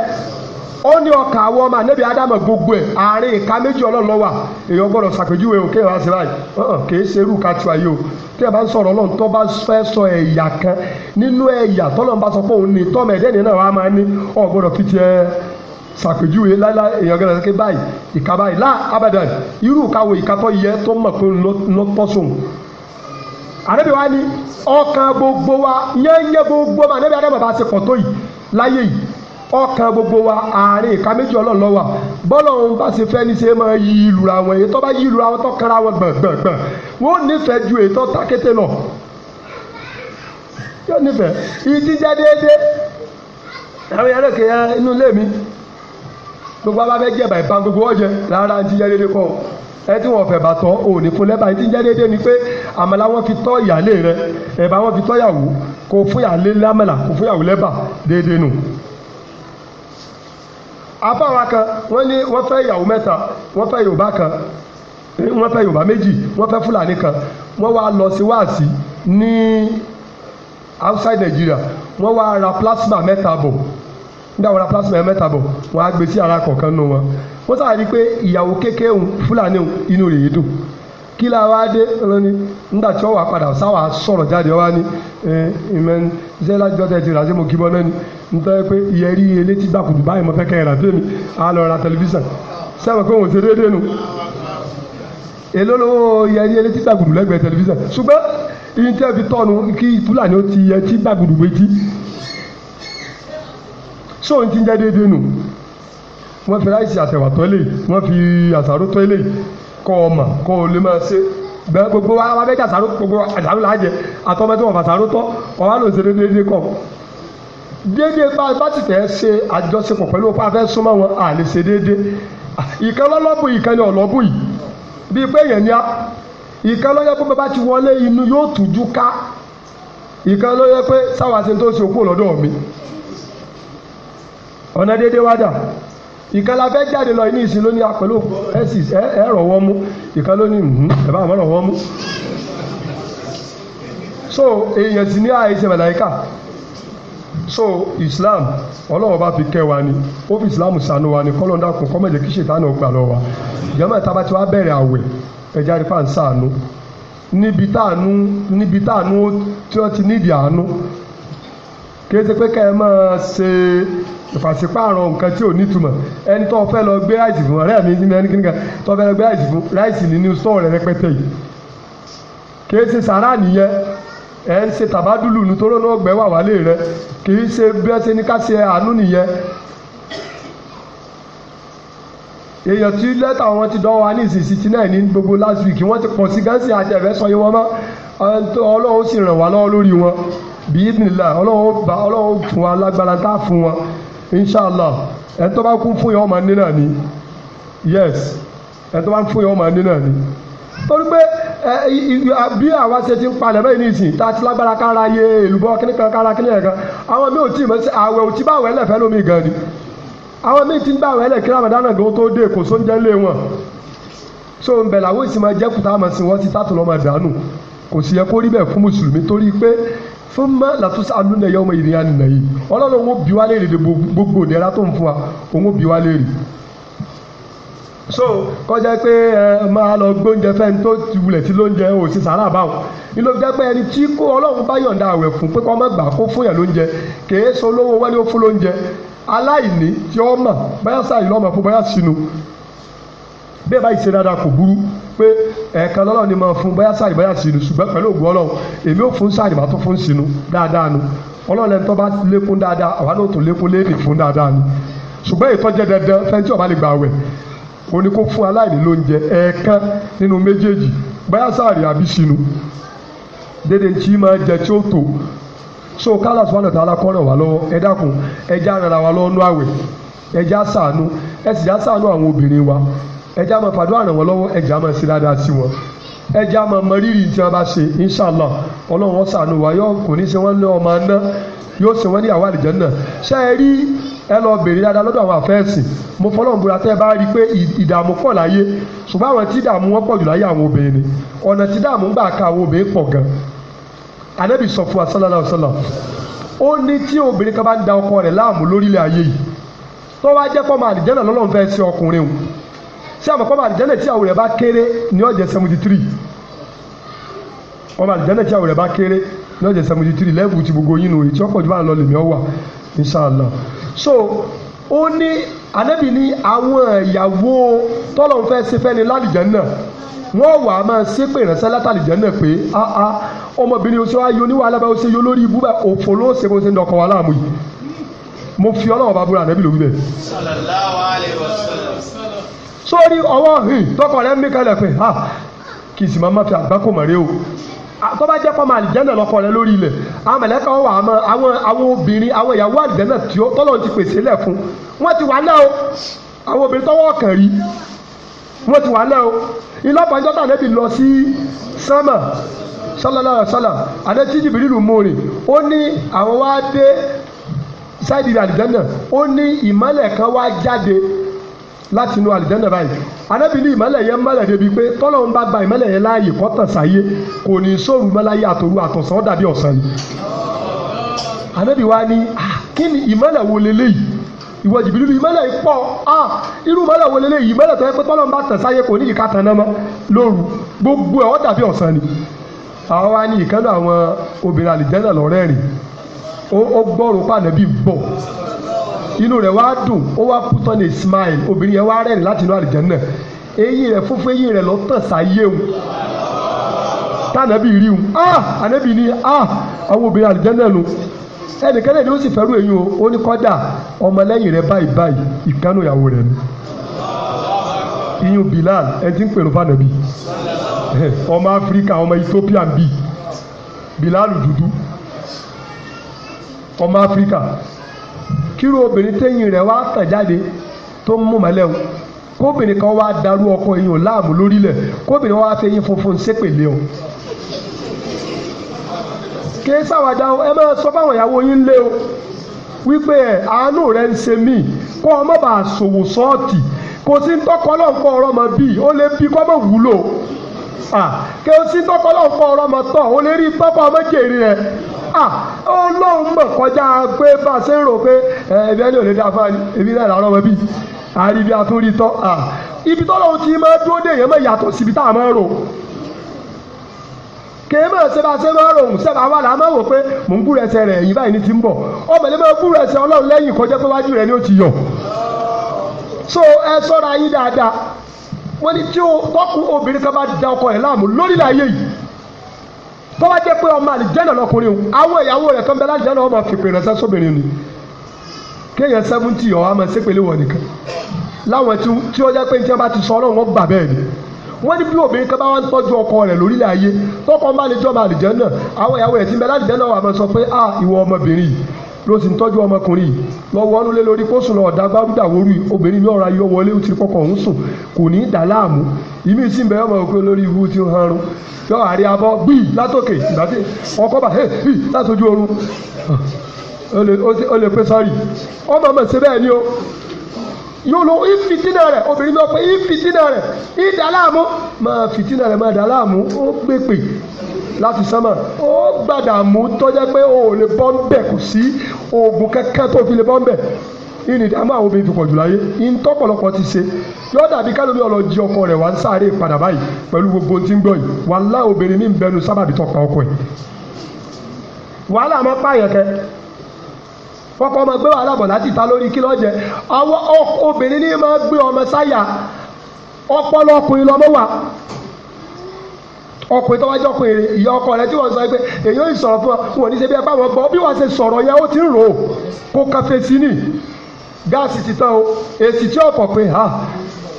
ó ní ọkàn àwọn ọmọ ànábì ádámù gbogbo ẹ̀ àárín ìka méjì ọlọ́run ló wà èèyàn gbọ́dọ̀ ṣàpèjúwe o kéèyàn á ṣe báyìí kì í ṣe irú ká tiwa yìí o téèyàn bá ń sọ̀rọ̀ ọlọ́run tó bá fẹ́ sọ ẹ̀yà kan nínú ẹ̀yà tọ́lọ́run bá sọ pé òun ní tọ́mọ̀ ẹ̀dẹ́ni náà wàá máa ní ó gbọ́dọ̀ fi tiẹ̀ ṣàpèjúwe láíláí èèyàn gẹ́gẹ́ wa ni ọkàn gbogbo wa yẹ́nyẹ́ gbogbo ma ànábì ọkàn gbogbo wa àárín ìka méjì ọlọ́run ló wà bọ́lọ́run bá ṣe fẹ́ ní ṣe máa yí ìlú ra wọn èyí tó bá yí ìlú ra wọn tó kara wọn gbọ̀ngbọ̀ngbọ̀n wọn ò nífẹ̀ẹ́ ju èyí tó takété lọ yóò nífẹ̀ẹ́ ìdíjẹ́ déédéé àwọn yàrá òkè yẹn inú ilé mi gbogbo abáfẹ́ jẹ́ bàìpá gbogbo ọ̀jẹ̀ rárá ti jẹ́ déédéé kọ́ ẹ tí wọn fẹ́ bá tán ò ní fún lẹ́bàá ìdíjẹ́ déédéé ni pé àmàlà wọn fi tọ́ ìyálé rẹ ẹ̀bà wọn fi tọ́ ìyàwó kò fún ìyálé lámàlà kò fún ìyàwó lẹ́bà déédéé nù. afáwa kan wọn ní wọn fẹ ìyàwó mẹta wọn fẹ yorùbá kan wọn fẹ yorùbá méjì wọn fẹ fúlàní kan wọn wá lọ sí wáàsí ní outside Nigeria wọn wá ra plasma mẹta bọ. nígbà wọn ra plasma mẹta bọ, wọ́n á gbé sí ara kọ̀ọ̀kan nù wọn wọ́n sáré rí i pé ìyàwó kékeré fúlàní inú rèé dùn kí la wá dé lónìí nígbà tí wọ́n wà padà sáwà sọ̀rọ̀ jáde wá ní ìmọ̀ iṣẹ́ láti ọ̀tẹ̀ ti rà sí mo kí bọ́ náà ni nítorí pé ìyẹrí elétí gbàkùdù báyìí mo fẹ́ kẹ́ ẹ̀ rà fún mi a lọ ra tẹlifíṣàn sẹ́wọ̀n pé wọ́n ti rédíò nù èló lówó ìyẹrí elétí gbàkùdù lẹ́gbẹ̀ẹ́ tẹlifíṣàn ṣùgbọ́n iye tí a fi tọ́nu kí fúlàní ó ti yẹ tí gbàkùdù méjì sóun ti ń jẹ́ déédéé nù wọ́n fi ráìsì àtẹ̀wà tọ́lé kọ́ ọ mọ̀ kọ́ ọ lè máa ṣe bẹ́ẹ̀ gbogbo wa wa bẹ́ẹ̀ jàsáró gbogbo àjàrú là á jẹ àtọ́mọ́ tí wọ́n fàṣàró tọ́ wọ́n wá lò ṣe déédéé kọ́ déédéé bá bá ti fẹ́ ṣe àjọṣepọ̀ pẹ̀lú òpá fẹ́ súnmọ́ wọn à lè ṣe déédéé ìkan lọ́lọ́bù ìkan ni ọ̀lọ́bù yìí bíi pé èèyàn ni á ìkan ló yẹ pé bàbá ti wọlé inú yóò tùjú ká ìkan ló yẹ pé sáwàá ṣe tó ṣe òkú lọ́dọ̀ mi ọ̀nà déédéé wá ìkan la fẹ́ jáde lọ ní ìsìn lónìí àpẹlú ẹ̀sì ẹ̀ rọ̀wọ́ mú ìkan lónìí ẹ̀ bá àmọ́ rọ̀wọ́ mú. so èèyàn ti ní àìsè màláìkà so islam ọlọ́run bá fi kẹ́ wa ni ó fi islam ṣàánú wa ni kọ́lọ́n dákun kọ́mẹ̀jẹ̀ kí ṣètánù gbà lọ wa jẹ́mọ̀ tá a bá ti wá bẹ̀rẹ̀ àwẹ̀ ẹ̀já rí fáǹsà àánú níbi táànú níbi táànú tí wọ́n ti nídìí àánú kì í ṣe pé kẹ́ ẹ máa ṣe ìfàṣípààrọ̀ nǹkan tí ò nítumọ̀ ẹni tó fẹ́ lọ gbé ráìsì fún ọ̀rẹ́ mi ní ẹni kíníkan tó fẹ́ lọ gbé ráìsì fún ráìsì nínú sọ́ọ̀ rẹ̀ rẹpẹtẹ yìí kì í ṣe sàrà nìyẹn ẹ ń ṣe tàbádùlù nítorí náà gbẹ wà wálé rẹ kì ṣe bí ẹ ṣe ní ká ṣe àánú nìyẹn èèyàn tí lẹ́tà wọn ti dánwò ní ìsinsìnyí náà ní gbogbo last week wọ́n ti pọ̀ sí gánsì àti ẹ̀fẹ́ sọ yìí wọ́n mọ́ ọlọ́run sì ràn wá lọ́wọ́ lórí wọn bíi nìlá ọlọ́run bá ọlọ́run fún wa lágbára tá a fún wọn inshallah ẹ̀ tó bá kú fún yẹn wọ́n máa ní náà ni yes ẹ̀ tó bá kú fún yẹn wọ́n máa ní náà ni torí pé bí àwa ṣe ti ń palẹ̀ bẹ́ẹ̀ ní ìsìn tá a ti lágbára kára yé èlùbọ́ kíní kan kára kíní ẹ̀ kan àwọn mi ò tí ì mọ̀ sí àwẹ̀ ò tí bá àwẹ̀ lẹ̀fẹ́ lómi gan ni àwọn mi ti ń bá àwẹ̀ lẹ̀ kí ramadana gan tó dé kò sóúnjẹ lé wọn so ń bẹ̀ làwọn ìsìn máa jẹ́ kùtà máa sìn wọ́n ti tàtò lọ́mọ dànù fún mọ́ làtúnṣe alúnà yẹ́wọ́n mọ́ ìdíyàn nìyí ọlọ́run òun bí wá léèrè gbogbo ìdẹ́ra tó ń fún wa òun bí wá léèrè so kọjá pé ẹ máa lọ gbóúnjẹ fẹ́ni tó ti wulẹ̀ sí lóúnjẹ ò sí sàrà báwọn nílò jẹ́ pé ẹni tí kó ọlọ́run bá yọ̀ǹda àwẹ̀ fún pé kọ́ mọ́ gbà kó fún yẹn lóúnjẹ kèé so lówó wọ́n ní ó fún lóúnjẹ aláìní tí ó mọ̀ báyà sáà ìlú ọmọ fún báyà sínú bẹ́ẹ̀ báyìí pé ẹ̀ẹ̀kan lọ́lọ́run ni máa fún bóyá sáàdì bóyá sínú ṣùgbọ́n pẹ̀lú ògùn ọlọ́run èmi ò fún sáàdì màá tún fún sínú dáadáa nu ọlọ́run lẹ́nu tó bá lékún dáadáa àwa náà tó lékún léèdè fún dáadáa nu ṣùgbọ́n ìtọ́jẹ́ dandan fẹ́ntì ọ̀bá lè gbà wẹ̀ òní kó fún aláìní lóúnjẹ ẹ̀ẹ̀kan nínú méjèèjì bóyá sáàdì àbí sínú dédé tí máa jẹ tí ó tó so kálá sùpàdé tààlà kọ́rọ̀ wà lọ́wọ́ ẹ dákun ẹ já rẹ̀ ra wa lọ́wọ́ nú àwẹ̀ ẹ já ṣàánú ẹ sì já ṣàánú àwọn obìnrin wa ẹja máa fàdúrà ràn wọ́n lọ́wọ́ ẹja máa ṣe dáadáa sí wọn ẹja máa mọ rírì tí wọ́n bá ṣe inshàlá ọlọ́run wọn ṣàánú wa yóò kò ní ṣe wọ́n lé ọmọ aná yóò ṣe wọ́n ní àwọn àlìjẹ́ náà ṣé ẹ rí ẹ lọ béèrè dáadáa lọ́dọ̀ àwọn àfẹ́ẹ̀sì mo fọlọ́run búra tẹ́ ẹ bá rí i pé ìdààmú pọ̀ láyé ṣùgbọ́n àwọn tí ìdààmú wọn pọ̀ jù láyé àwọn obìnrin ni ọ̀nà tí ìdààmú gbà ká àwọn obìnrin pọ̀ gan anábì sọ fún wa sallallahu alaihi wasallam ó ní tí obìnrin kan bá ń da ọkọ rẹ̀ láàmú lórílẹ̀ ayé yìí tó wá jẹ́ pọ́ máa àlìjẹ́ náà lọ́lọ́run fẹ́ ṣe ọkùnrin o ṣé àmọ̀pọ̀ bá àlìjẹ́nà tí àwọn rẹ̀ bá kéré ní ọ̀jẹ̀ seventy three ọba àlìjẹ́nà tí àwọn rẹ̀ bá kéré ní ọ̀jẹ̀ seventy three lẹ́bù ti gbogbo yín nù èyí tí ọkọ̀ jù bá lọ lèmi ọ̀wà inshallah so ó ní anábì ní àwọn ìyàwó tọ́lọ̀ ń fẹ́ ṣe fẹ́ni lálìjẹ́nà wọ́n wà á máa ṣépè ránṣẹ́ látàlìjẹ́nà pé áá ọmọbìnrin oṣù ayé oníwàhálà bá oṣù yó lórí ibú bá òfò ló ṣe bó ṣe ń dọkọ̀ wà láàmú yìí mo fi ọlọ́wọ́ bá búra ànábì lórí bẹ́ẹ̀ sórí ọwọ́ hìn tọkọ rẹ ń mí kalẹ̀ pé ha ah, kì í sì máa ma fi àgbákò mọ̀ rí o ah, tó bá jẹ́ pọ́ máa àlìjẹ́nà lọ́kọ rẹ lórí ilẹ̀ àwọn mẹ̀lẹ́kà wà á mọ àwọn àwọn obìnrin àwọn ìyàwó àlìjẹ́nà tí ó tọ́lọ̀ ti pèsè lẹ̀ fún wọ́n ti wà náà o àwọn obìnrin tọ́wọ́ kàn rí wọ́n ti wà náà o ìlọ́pàá ìjọ́ta àlẹ́bí lọ sí sánmà sálálàlá sálà àlẹ́tí jìbìrìlù mọ́rin ó ní àwọn wá dé sáìdì àlìjẹ́nà ó ní ìmọ́lẹ̀ kan wá jáde láti inú àlìjẹ́nà báyìí anábì ní ìmọ̀lẹ̀ yẹn mọ̀lẹ̀ débi pé tọ́lọ́run bá gba ìmọ̀lẹ̀ yẹn láàyè kọ́tàn sáyé kò ní sóòrù mọ́láyé àtòru àtọ̀sán dàbí ọ̀sán ni anábì wa ní ah, kí ni ìmọ̀lẹ̀ wo leléyìí ìwọ jìbìlú ìmọ̀lẹ̀ pọ̀ á ah, irú ìmọ̀lẹ̀ wo leléyìí ìmọ̀lẹ̀ tó yẹ pé tọ́lọ́run bá tàn sáyé kò ní ìka tàn náà mọ́ lóru gbogbo ẹ̀ ọ́ dàbí ọ̀sán ni àwọn wa ní ìkànnì àwọn obìnrin àlìjẹ́nà lọ́rẹ́ rìn ó gbọ́rò pàdánù bí bọ̀ inú rẹ̀ wá dùn ó wá put on a smile obìnrin yẹn wá rẹ́rìn láti inú àlìjẹ́nà eyín rẹ̀ fúnfún eyín rẹ̀ lọ́ tàn sáyé òun tànàbí rí òun ah ànàbí ni ah àwọn obìnrin àlìjẹ́nà nu ẹnìkan ní ó sì fẹ́rù eyín o ó ní kọ́dà ọmọlẹ́yìn rẹ̀ báyìí báyìí ìkánú ìyàwó rẹ̀ ni iyun Bilal ẹ ti ń pèrò fànàbí ọmọ Áfíríkà ọmọ Ethiopia bíi Bilal dúdú ọmọ Áfíríkà kíru obìnrin téyìn rẹ̀ wá tàn jáde tó ń mú mọ́lẹ̀ o kóbìnrin kan wá darú ọkọ yìí ò láàmú lórílẹ̀ kóbìnrin wá fẹ́yìn funfun ṣépèlé o kí sáwàdà ẹ máa sọ fáwọn ìyàwó yín lé o wípé ẹ àánú rẹ ń ṣe mí kó ọmọ bá ṣòwò sọ́ọ̀tì kò sí ń tọkọ ọlọ́nkọ ọ̀rọ̀ mọ́ bíi ó lè bí kọ́ wúlò o kí o sí tọkọ lọ fọ ọ̀rọ̀ mọ o lè rí tọkọ ọmọ jèrè rẹ Ọlọ́run mọ kọjá pé bá a ṣe ń rò pé ẹbí ẹni ò lè dá fún ẹbí náà làárọ ọmọ bíi àríbi àtúrí tọ ibi tọ́lọ́run ti máa dúró dé èèyàn máa yàtọ̀ síbi tá a máa rò kèé mọ̀ ṣe bá ṣe máa rò ń sẹ́ba wà láàmú wò pé mò ń gúrò ẹsẹ̀ rẹ̀ yìí báyìí ní ti ń bọ̀ ọmọ ilé máa gúrò ẹsẹ̀ Ọlọ́run lẹ́yìn kọjá pé wájú rẹ̀ ni ó ti yọ so ẹ sọ́ra yín dáadáa wọ́n ní tí tọ́kù obìnrin kan bá da ọkọ rẹ̀ láàmú lórílẹ̀ ayé yìí tó bá jẹ́ pé ọmọ àlìjẹ́nà lọkùnrin òun àwọn ìyàwó rẹ̀ kan bẹ lájẹ́nà ọmọ fìpè rẹ̀ sẹ́sọ́bìnrin ni kéèyàn sẹ́fúntì ọ̀ àmọ́ sépèlé wọ̀ nìkan láwọn tí ó jẹ́ pé tí wọ́n bá ti sọ ọlọ́run wọn gbà bẹ́ẹ̀ ni wọ́n ní bí obìnrin kan bá wá ń tọ́jú ọkọ rẹ̀ lórílẹ̀ ayé tọkọ ń bá lè jọ́ ọmọ àlìjẹ́nà àwọn ìyàwó rẹ̀ ti bẹ lájẹ́nà wà máa sọ pé ah ìwọ ọmọbìnrin ló sì ń tọ́jú ọmọkùnrin yìí lọ́wọ́ nulẹ̀ lórí kó sùn lọ ọ̀dà obìnrin ní ọ̀rọ̀ ayé wọlé ó ti kọ́kọ́ ń sùn kò ní í dà láàmú ìmí sì ń ọmọ òkú lórí ihu ti ń hanrun yọ àrí látòkè ọkọ bá látòjú oorun ó lè pé ọmọ ọmọ bẹ́ẹ̀ o yóò lọ ìfìtínà rẹ̀ obìnrin náà pé ìfìtínà rẹ̀ ìdàláàmú máa fìtínà rẹ̀ máa dàláàmú ó gbèpè láti sánmà ó gbàdàmú tọ́jẹ́ pé o ò lè bọ́ ń bẹ̀ kò sí oògùn kankan tó fi lè bọ́ ń bẹ̀ ìní ìdààmú àwọn obìnrin fipọ̀ jù láyé ìní tọ́pọ̀lọpọ̀ ti ṣe yóò dàbí kálómi ọlọ́jì ọkọ rẹ̀ wá ń sáré padà báyìí pẹ̀lú gbogbo tí ń gbọ́ yìí wàhálà obìnrin mi ń bẹnu sábàbí tọ́pa ọkọ yìí wàhálà máa pààyàn kẹ́ wọ́n kọ́ ọmọ gbé wàhálà bọ̀ láti ta lórí kí lọ́jẹ́ àwọn obìnrin ní máa gbé ọmọ sáyà ọpọlọ ọkùnrin lọ́mọ wà ọkùnrin tó wá jẹ́ ọkùnrin ìyá ọkọ rẹ tí wọ́n sọ pé èyí ò sọ̀rọ̀ fún wọn wọ́n ní ṣe bí ẹgbẹ́ àwọn gbọ́ bí wọ́n ṣe sọ̀rọ̀ yẹn ó ti ń rò ó kó kan fèsì nì gáàsì ti tán o èsì tí ọ̀pọ̀ pé ha ah,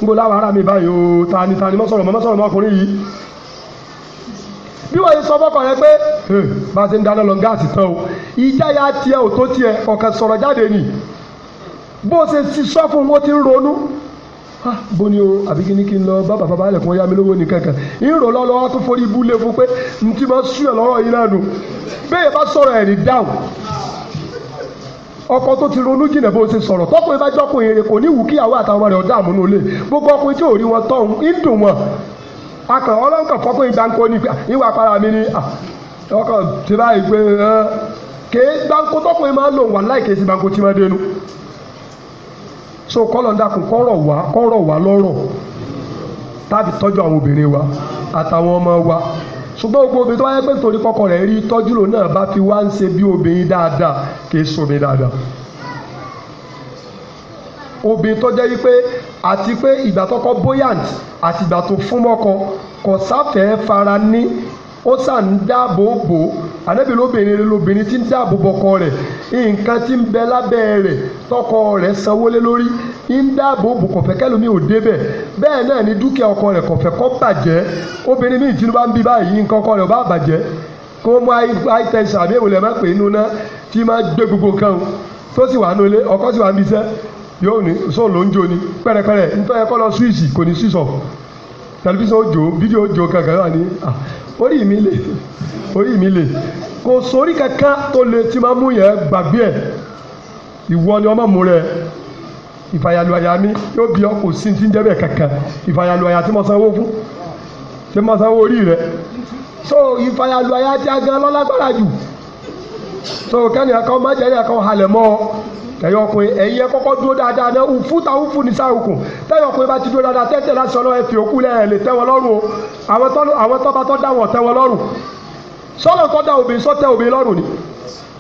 ń gbọ́ láwọn ará mi báyìí o tani tani mọ́ sọ̀rọ̀ mọ́ sọ̀rọ̀ mọ́ ọkùnrin yìí bí wọ́n yìí sọ fọ́kàn rẹ pé hmm, bá a ṣe ń dáná lọ gáàsì tán o ìjáyà tiẹ̀ ò tó tiẹ̀ ọ̀kan sọ̀rọ̀ jáde nì bó ṣe ti sọ fún wọn ti ń ronú bó ni o àbí kí ni kí n lọ bá bàbá bá lẹ̀kùn yá mi lówó ní kankan ìrò lọ́lọ́wọ́ tó forí ibú lé fún pé n ti máa sú ẹ̀ lọ́rọ̀ yìí náà nù bẹ́ẹ̀ bá sọ̀rọ̀ ẹ̀ ní dáhùn ọkọ tó ti ronú jìnnà bó ṣe sọ̀rọ̀ tọkùnrin bá jọkùnrin rẹ̀ kò ní wù kíyàwó àtàwọn ọmọ rẹ̀ ọ̀dà àmúnú ilé gbogbo ọkùnrin tí ò rí wọn tọ̀hún ń dùn wọn akàn ọlọ́nkàn fọ́kùn ìgbàǹkó ni ìwà para mi ni ah, ọkàn ti báyìí pé kéé gbàǹkó tọkùnrin máa ń lò wà láì kéé sí tí máa dénú so kọ́lọ̀ ń dàkún kọ́rọ̀ wá kọ́rọ̀ wá lọ́rọ̀ tàbí tọ́jú àwọn obìnrin wa àtàwọn ọmọ wa ṣùgbọ́n gbogbo obìnrin tó wáyé pé nítorí rẹ̀ rí tọ́jú lò náà bá fi wá ń ṣe bí obìnrin dáadáa kì àti pé ìgbà tọkọ buoyant àti ìgbà tó fún mọ́kọ kò sáfẹ́ẹ́ fara ní ó sàn ń dáàbò bò ànábì lóbìnrin lóbìnrin tí ń dáàbò bọkọ rẹ̀ nǹkan tí ń bẹ lábẹ́ rẹ̀ tọkọ rẹ̀ sanwó lé lórí ń dáàbò bò kọ̀fẹ́ kẹlòmíì ò débẹ̀ bẹ́ẹ̀ náà ni dúkìá ọkọ rẹ̀ kọ̀fẹ́ kọ́ bàjẹ́ obìnrin míì tínú bá ń bí báyìí nǹkan ọkọ rẹ̀ ò bá bàjẹ́ kó mú high tension àbí èwòlẹ̀ má pè é nu náà tí máa gbé gbogbo nǹkan o tó sì wà nulẹ̀ ọkọ sì wà ń bí sẹ́ yóò ní sóò ló ń jó ni pẹ́rẹpẹ́rẹ nítorí ẹ̀kọ́ lọ swíìsì kò ní swíìsì ọ̀f tẹlifíṣàn òjò fídíò òjò kankan wà ní orí mi lè *laughs* orí mi lè kò sórí kankan tó lè tí máa mú yẹn gbàgbé ẹ̀ ìwọ ni ọmọ mú rẹ ìfàyàlùwàyà mi yóò bí ọ kò sí ti ń dẹ́bẹ̀ kankan ìfàyàlùwàyà tí mo sanwó fún tí mo sanwó orí rẹ so ìfàyàlùwàyà ti agan lọ́lágbára jù so kẹ́nìyàn kan má jẹ́ ẹ̀yàn kan halẹ̀ mọ́ ọ kẹyọ ọkùnrin ẹ̀yin ẹ kọ́kọ́ dúró dáadáa náà fúta fún ní sáà òkun tẹ́yọ̀ ọkùnrin bá ti dúró dáadáa tẹ́tẹ́ láti sọ lọ́wọ́ ẹ fi òkú lẹ́yìn lè tẹ́wọ́ lọ́rùn o àwọn tọ́ba tó dá wọn tẹ́wọ́ lọ́rùn sọ́lọ̀ tó dá obìnrin sọ́tẹ́ obìnrin lọ́rùn ni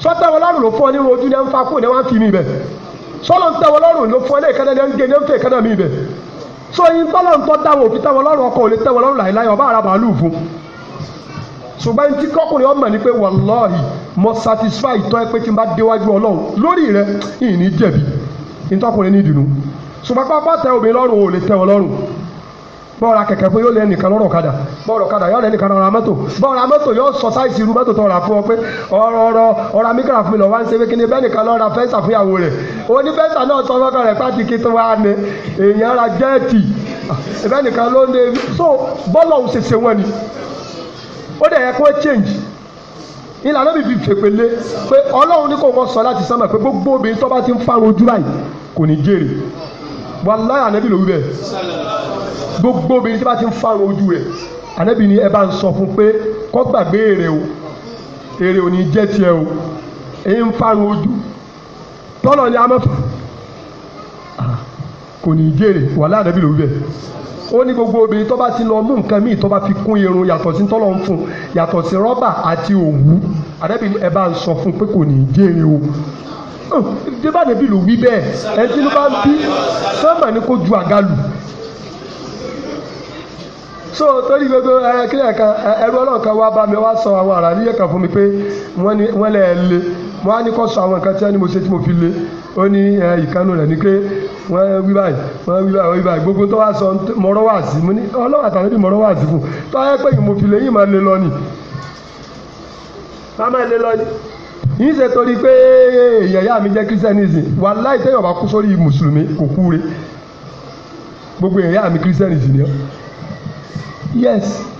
sọ́tẹ́ wọn lọ́rùn ló fọ́ nínú ojú ní ẹ̀ ń fa kúrò ní wọ́n fi mi bẹ̀ sọ́lọ̀ tẹ́ wọn lọ́rùn ló fọ́ ní ìkẹ́dẹ́ ní ẹ̀ ń gé ní ẹ̀ ń fẹ́ ìkẹ́dẹ́ mi bẹ̀ so yín tọ́lọ̀ ń tọ́ dá wọn òfin tẹ́wọn lọ́rùn ọkọ̀ ò lè tẹ́wọn lọ́rùn láìláyọ̀ ọba àràbà lù fún ṣùgbọ́n tí kọ́kùnrin ọmọ ni pé wàlọ́ọ̀hì mo satisfy ìtọ́ ẹ pé tí n bá déwájú ọlọ́run lórí rẹ ìní jẹ̀bi ìtọ́kùnrin ní ìdùnnú ṣùgbọ́n pápá tẹ obìnrin lọ́rùn ò lè tẹ wọn lọ́rùn bọ́ọ̀rọ̀ akẹ̀kẹ́ pé yóò lé ẹnìkan lọ́rọ̀ kadà bọ́ọ̀rọ̀ kadà yóò lé ẹnìkan lọ́rọ̀ mọ́tò bọ́ọ̀rọ̀ mọ́tò yóò sọ sáìsì irú mọ́tò tọ̀rọ̀ fún ọ pé ọ̀rọ̀ ọ̀rọ̀ ọ̀rọ̀ amíkàrà fún mi lọ́wọ́ ń ṣe pé kí ni bẹ́ẹ̀ nìkan lọ́ra fẹ́ǹsà fún ìyàwó rẹ̀ òní fẹ́ǹsà náà sọ fọ́kàn rẹ̀ pàtì kí tó wá ní èèyàn ra jẹ́ẹ̀tì bẹ́ẹ̀ nìkan ló ń ìlànà bìbí fèpele pé ọlọ́run ní kò wọ́n sọ láti sánmà pé gbogbo obìnrin tó bá ti ń parun ojú báyìí kò ní jèrè wàláyà ànábì ló wí bẹ́ẹ̀ gbogbo obìnrin tó bá ti ń parun ojú rẹ̀ ànábì ni ẹ bá ń sọ fún pé kó gbàgbé èrè o èrè ò ní jẹ́ tiẹ̀ o èyí ń parun ojú tọ́lọ̀ ni a mọ̀ ah, kò ní jèrè wàláyà ànábì ló wí bẹ́ẹ̀ ó ní gbogbo obìnrin tó bá ti lọ mú nǹkan míì tó bá fi kún irun yàtọ̀ sí tọ́lọ̀ ń fún yàtọ̀ sí rọ́bà àti òwú àdẹ́bí ẹ bá ń sọ fún pé kò ní í jèrè o débàdébí ló wí bẹ́ẹ̀ ẹ tí ló bá ń bí sọ́mà ni kò ju àga lù so torí gbogbo ẹ kílẹ̀ kan ẹrú ọlọ́ọ̀kan wá bá mi wá sọ àwọn àrà níyẹ̀kan fún mi pé wọ́n lẹ́ẹ̀ le mo á ní kó sọ àwọn nǹkan tí wọ́n ní mo ṣe tí mo fi le ó ní ìkànnì rẹ̀ ní pé wọ́n wí báyìí wọ́n wí báyìí wọ́n wí báyìí gbogbo tó wá sọ mọ̀rọ̀ wá sí mo ní ọlọ́wà tàbí bí mọ̀rọ̀ wá sí fún tó ayé pé mo fi le yìí máa le lọ ni máa le lọ ni yìí ṣe torí pé èèyàn yá mi jẹ́ kírísítẹ́nìsì wà láì tẹ́yọ̀ bá kú sórí mùsùlùmí kò kú gbogbo èèyàn yá mi kírísítẹ́nìsì ni yes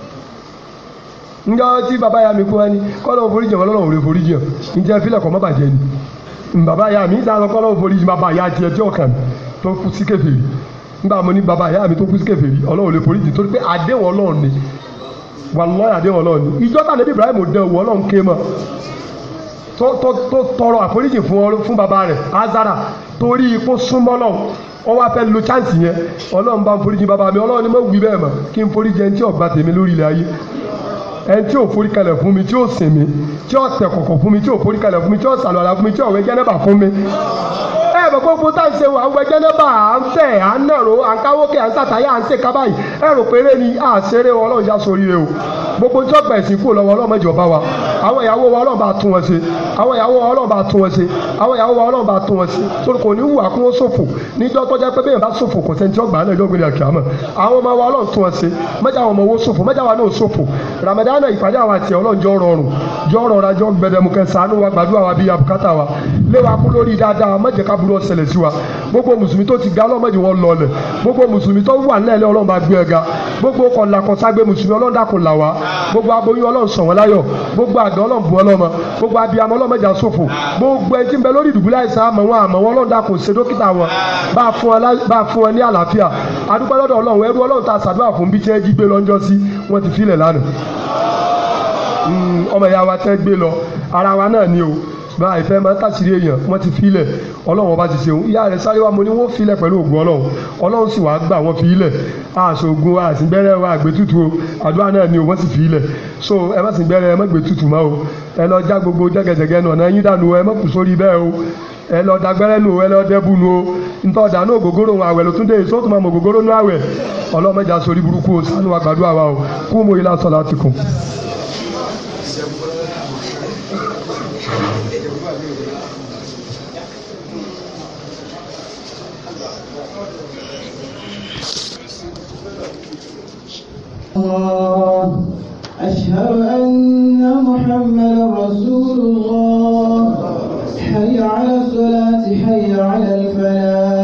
njọ́ tí bàbá ya mi kú wani kọ́lọ́ òforíjì wọn lọ́lọ́ òrè òforíjì ọ̀ njẹ́ filẹ̀ kọ́ mọ́bàjẹ́ ni baba ya mi sàlọ́ kọ́lọ́ òforíjì bàbá ya tiẹ̀ tí ọ̀kan tó kú sí kèfèrí nígbà mo ní bàbá ya mi tó kú sí kèfèrí Ọlọ́run lè foríjì torí pé àdéhùn Ọlọ́run ni wàlọ́ọ̀ àdéhùn Ọlọ́run ni ìjọ tà níbi Ibrahim dẹ òwò Ọlọ́run ké mọ́ tó tọrọ àforíjì fún bàbá rẹ̀ Azara torí ipò súnmọ́ Ọlọ́run wá fẹ́ lo chance yẹn Ọlọ́run bá ń foríjì bàbá mi Ọlọ́run ni mo wí bẹ́ẹ̀ mọ́ kí n foríjì ẹni tí ó tèmi lórí ilẹ̀ ayé ẹni tí ò forí kalẹ̀ fún mi tí ò sìn mi tí ò tẹ̀ kọ̀kọ̀ fún mi tí ò forí kalẹ̀ fún mi tí ò sàlùwàlà fún mi tí ò wẹ̀ jẹ́nẹ́bà fún mi. ẹ rò pé gbogbo táyì ṣe wà ń wẹ̀ jẹ́nẹ́bà à ń tẹ̀ à ń nàró à ń káwókè à ń sàtáyà à ń ṣèkábàyì ẹ rò pé eré ni àṣeré ọlọ́run yá sórí rẹ o gbogbo tí ọgbà ẹ̀sìn kúrò lọ́wọ́ ọlọ́run mẹ́jọ bá wa àwọn ìyàwó wa ọlọ́run bá tún wọn ṣe àwọn ìyàwó wa ọlọ́run bá tún wọn ṣe àwọn ìyàwó wa ọlọ́run bá tún wọn ṣe torí kò ní wù àkún ó ṣòfò níjọ́ tó jẹ́ pé bẹ́ẹ̀ bá ṣòfò kò sẹ́ni tí ọgbà náà yọ̀gbìn àkè àmọ́ àwọn ọmọ wa ọlọ́run tún wọn ṣe mẹ́jà wọn ọmọ wo ṣòfò mẹ́jà wa náà ṣòfò ramadan ìpàdé àwọn àti ọlọ́run jọ rọrùn jọ rọra jọ gbẹdẹmukẹ ṣàánú wa gbàdúrà wa bíi abùkátà wa lé wa kú lórí dáadáa mẹ́jẹ̀ ká burú ọ̀sẹ̀lẹ̀ sí wa gbogbo mùsùlùmí tó ti ga ọlọ́mọdé wọn lọlẹ̀ gbogbo mùsùlùmí tó wà nílẹ̀ ọlọ́run bá gbé ẹ̀ ga gbogbo kọ̀ọ̀là kọ̀ọ̀ságbé mùsùlùmí ọlọ́dà là wá gbogbo aboyún ọlọ́run sàn wọ́n láyọ̀ gbogbo àdán ọlọ́run bu ọlọ́mọ gbogbo abiyamọ ọlọ́mọjà ṣòfò gbogbo ẹtí ń bẹ lórí ìdùbúlẹ̀ àìsàn àmọ́ wọn àmọ́ wọn ọlọ́run dàkún ṣe dókítà wọn bá a fún wọn ní àlàáfíà adúpẹ́ lọ́dọ̀ ọlọ́run ẹrú ọlọ́run tá a fún bí tiẹ́ jí gbé lọ́njọ́ sí wọ́n ti filẹ̀ lánàá hmm, ọmọ ìyá wa tẹ́ gbé lọ ara wa náà ni o bá ife ma ń siri èèyàn wọ́n ti filẹ̀ ọlọ́run ọba ti ṣeun ìyá rẹ̀ sáré wá mo ní wọ́n filẹ̀ pẹ̀lú ògùn ọlọ́run ọlọ́run sì wáá gbà wọ́n filẹ̀ àṣogun àṣìgbẹ́rẹ́ wa àdúrà náà ni so ẹ má ṣìgbẹ́rẹ́ ẹ má gbétutù ma o ẹ lọ já gbogbo jẹ́gẹ́jẹ́gẹ́ nù ọ̀nà yín dànù ẹ má kù sórí bẹ́ẹ̀ o ẹ lọ dagbẹ́rẹ́ nù ẹ lọ dẹ́bù nù o ọ dànù ògógóró ohun dé أشهد أن محمد رسول الله حي على الصلاة حي على الفلاح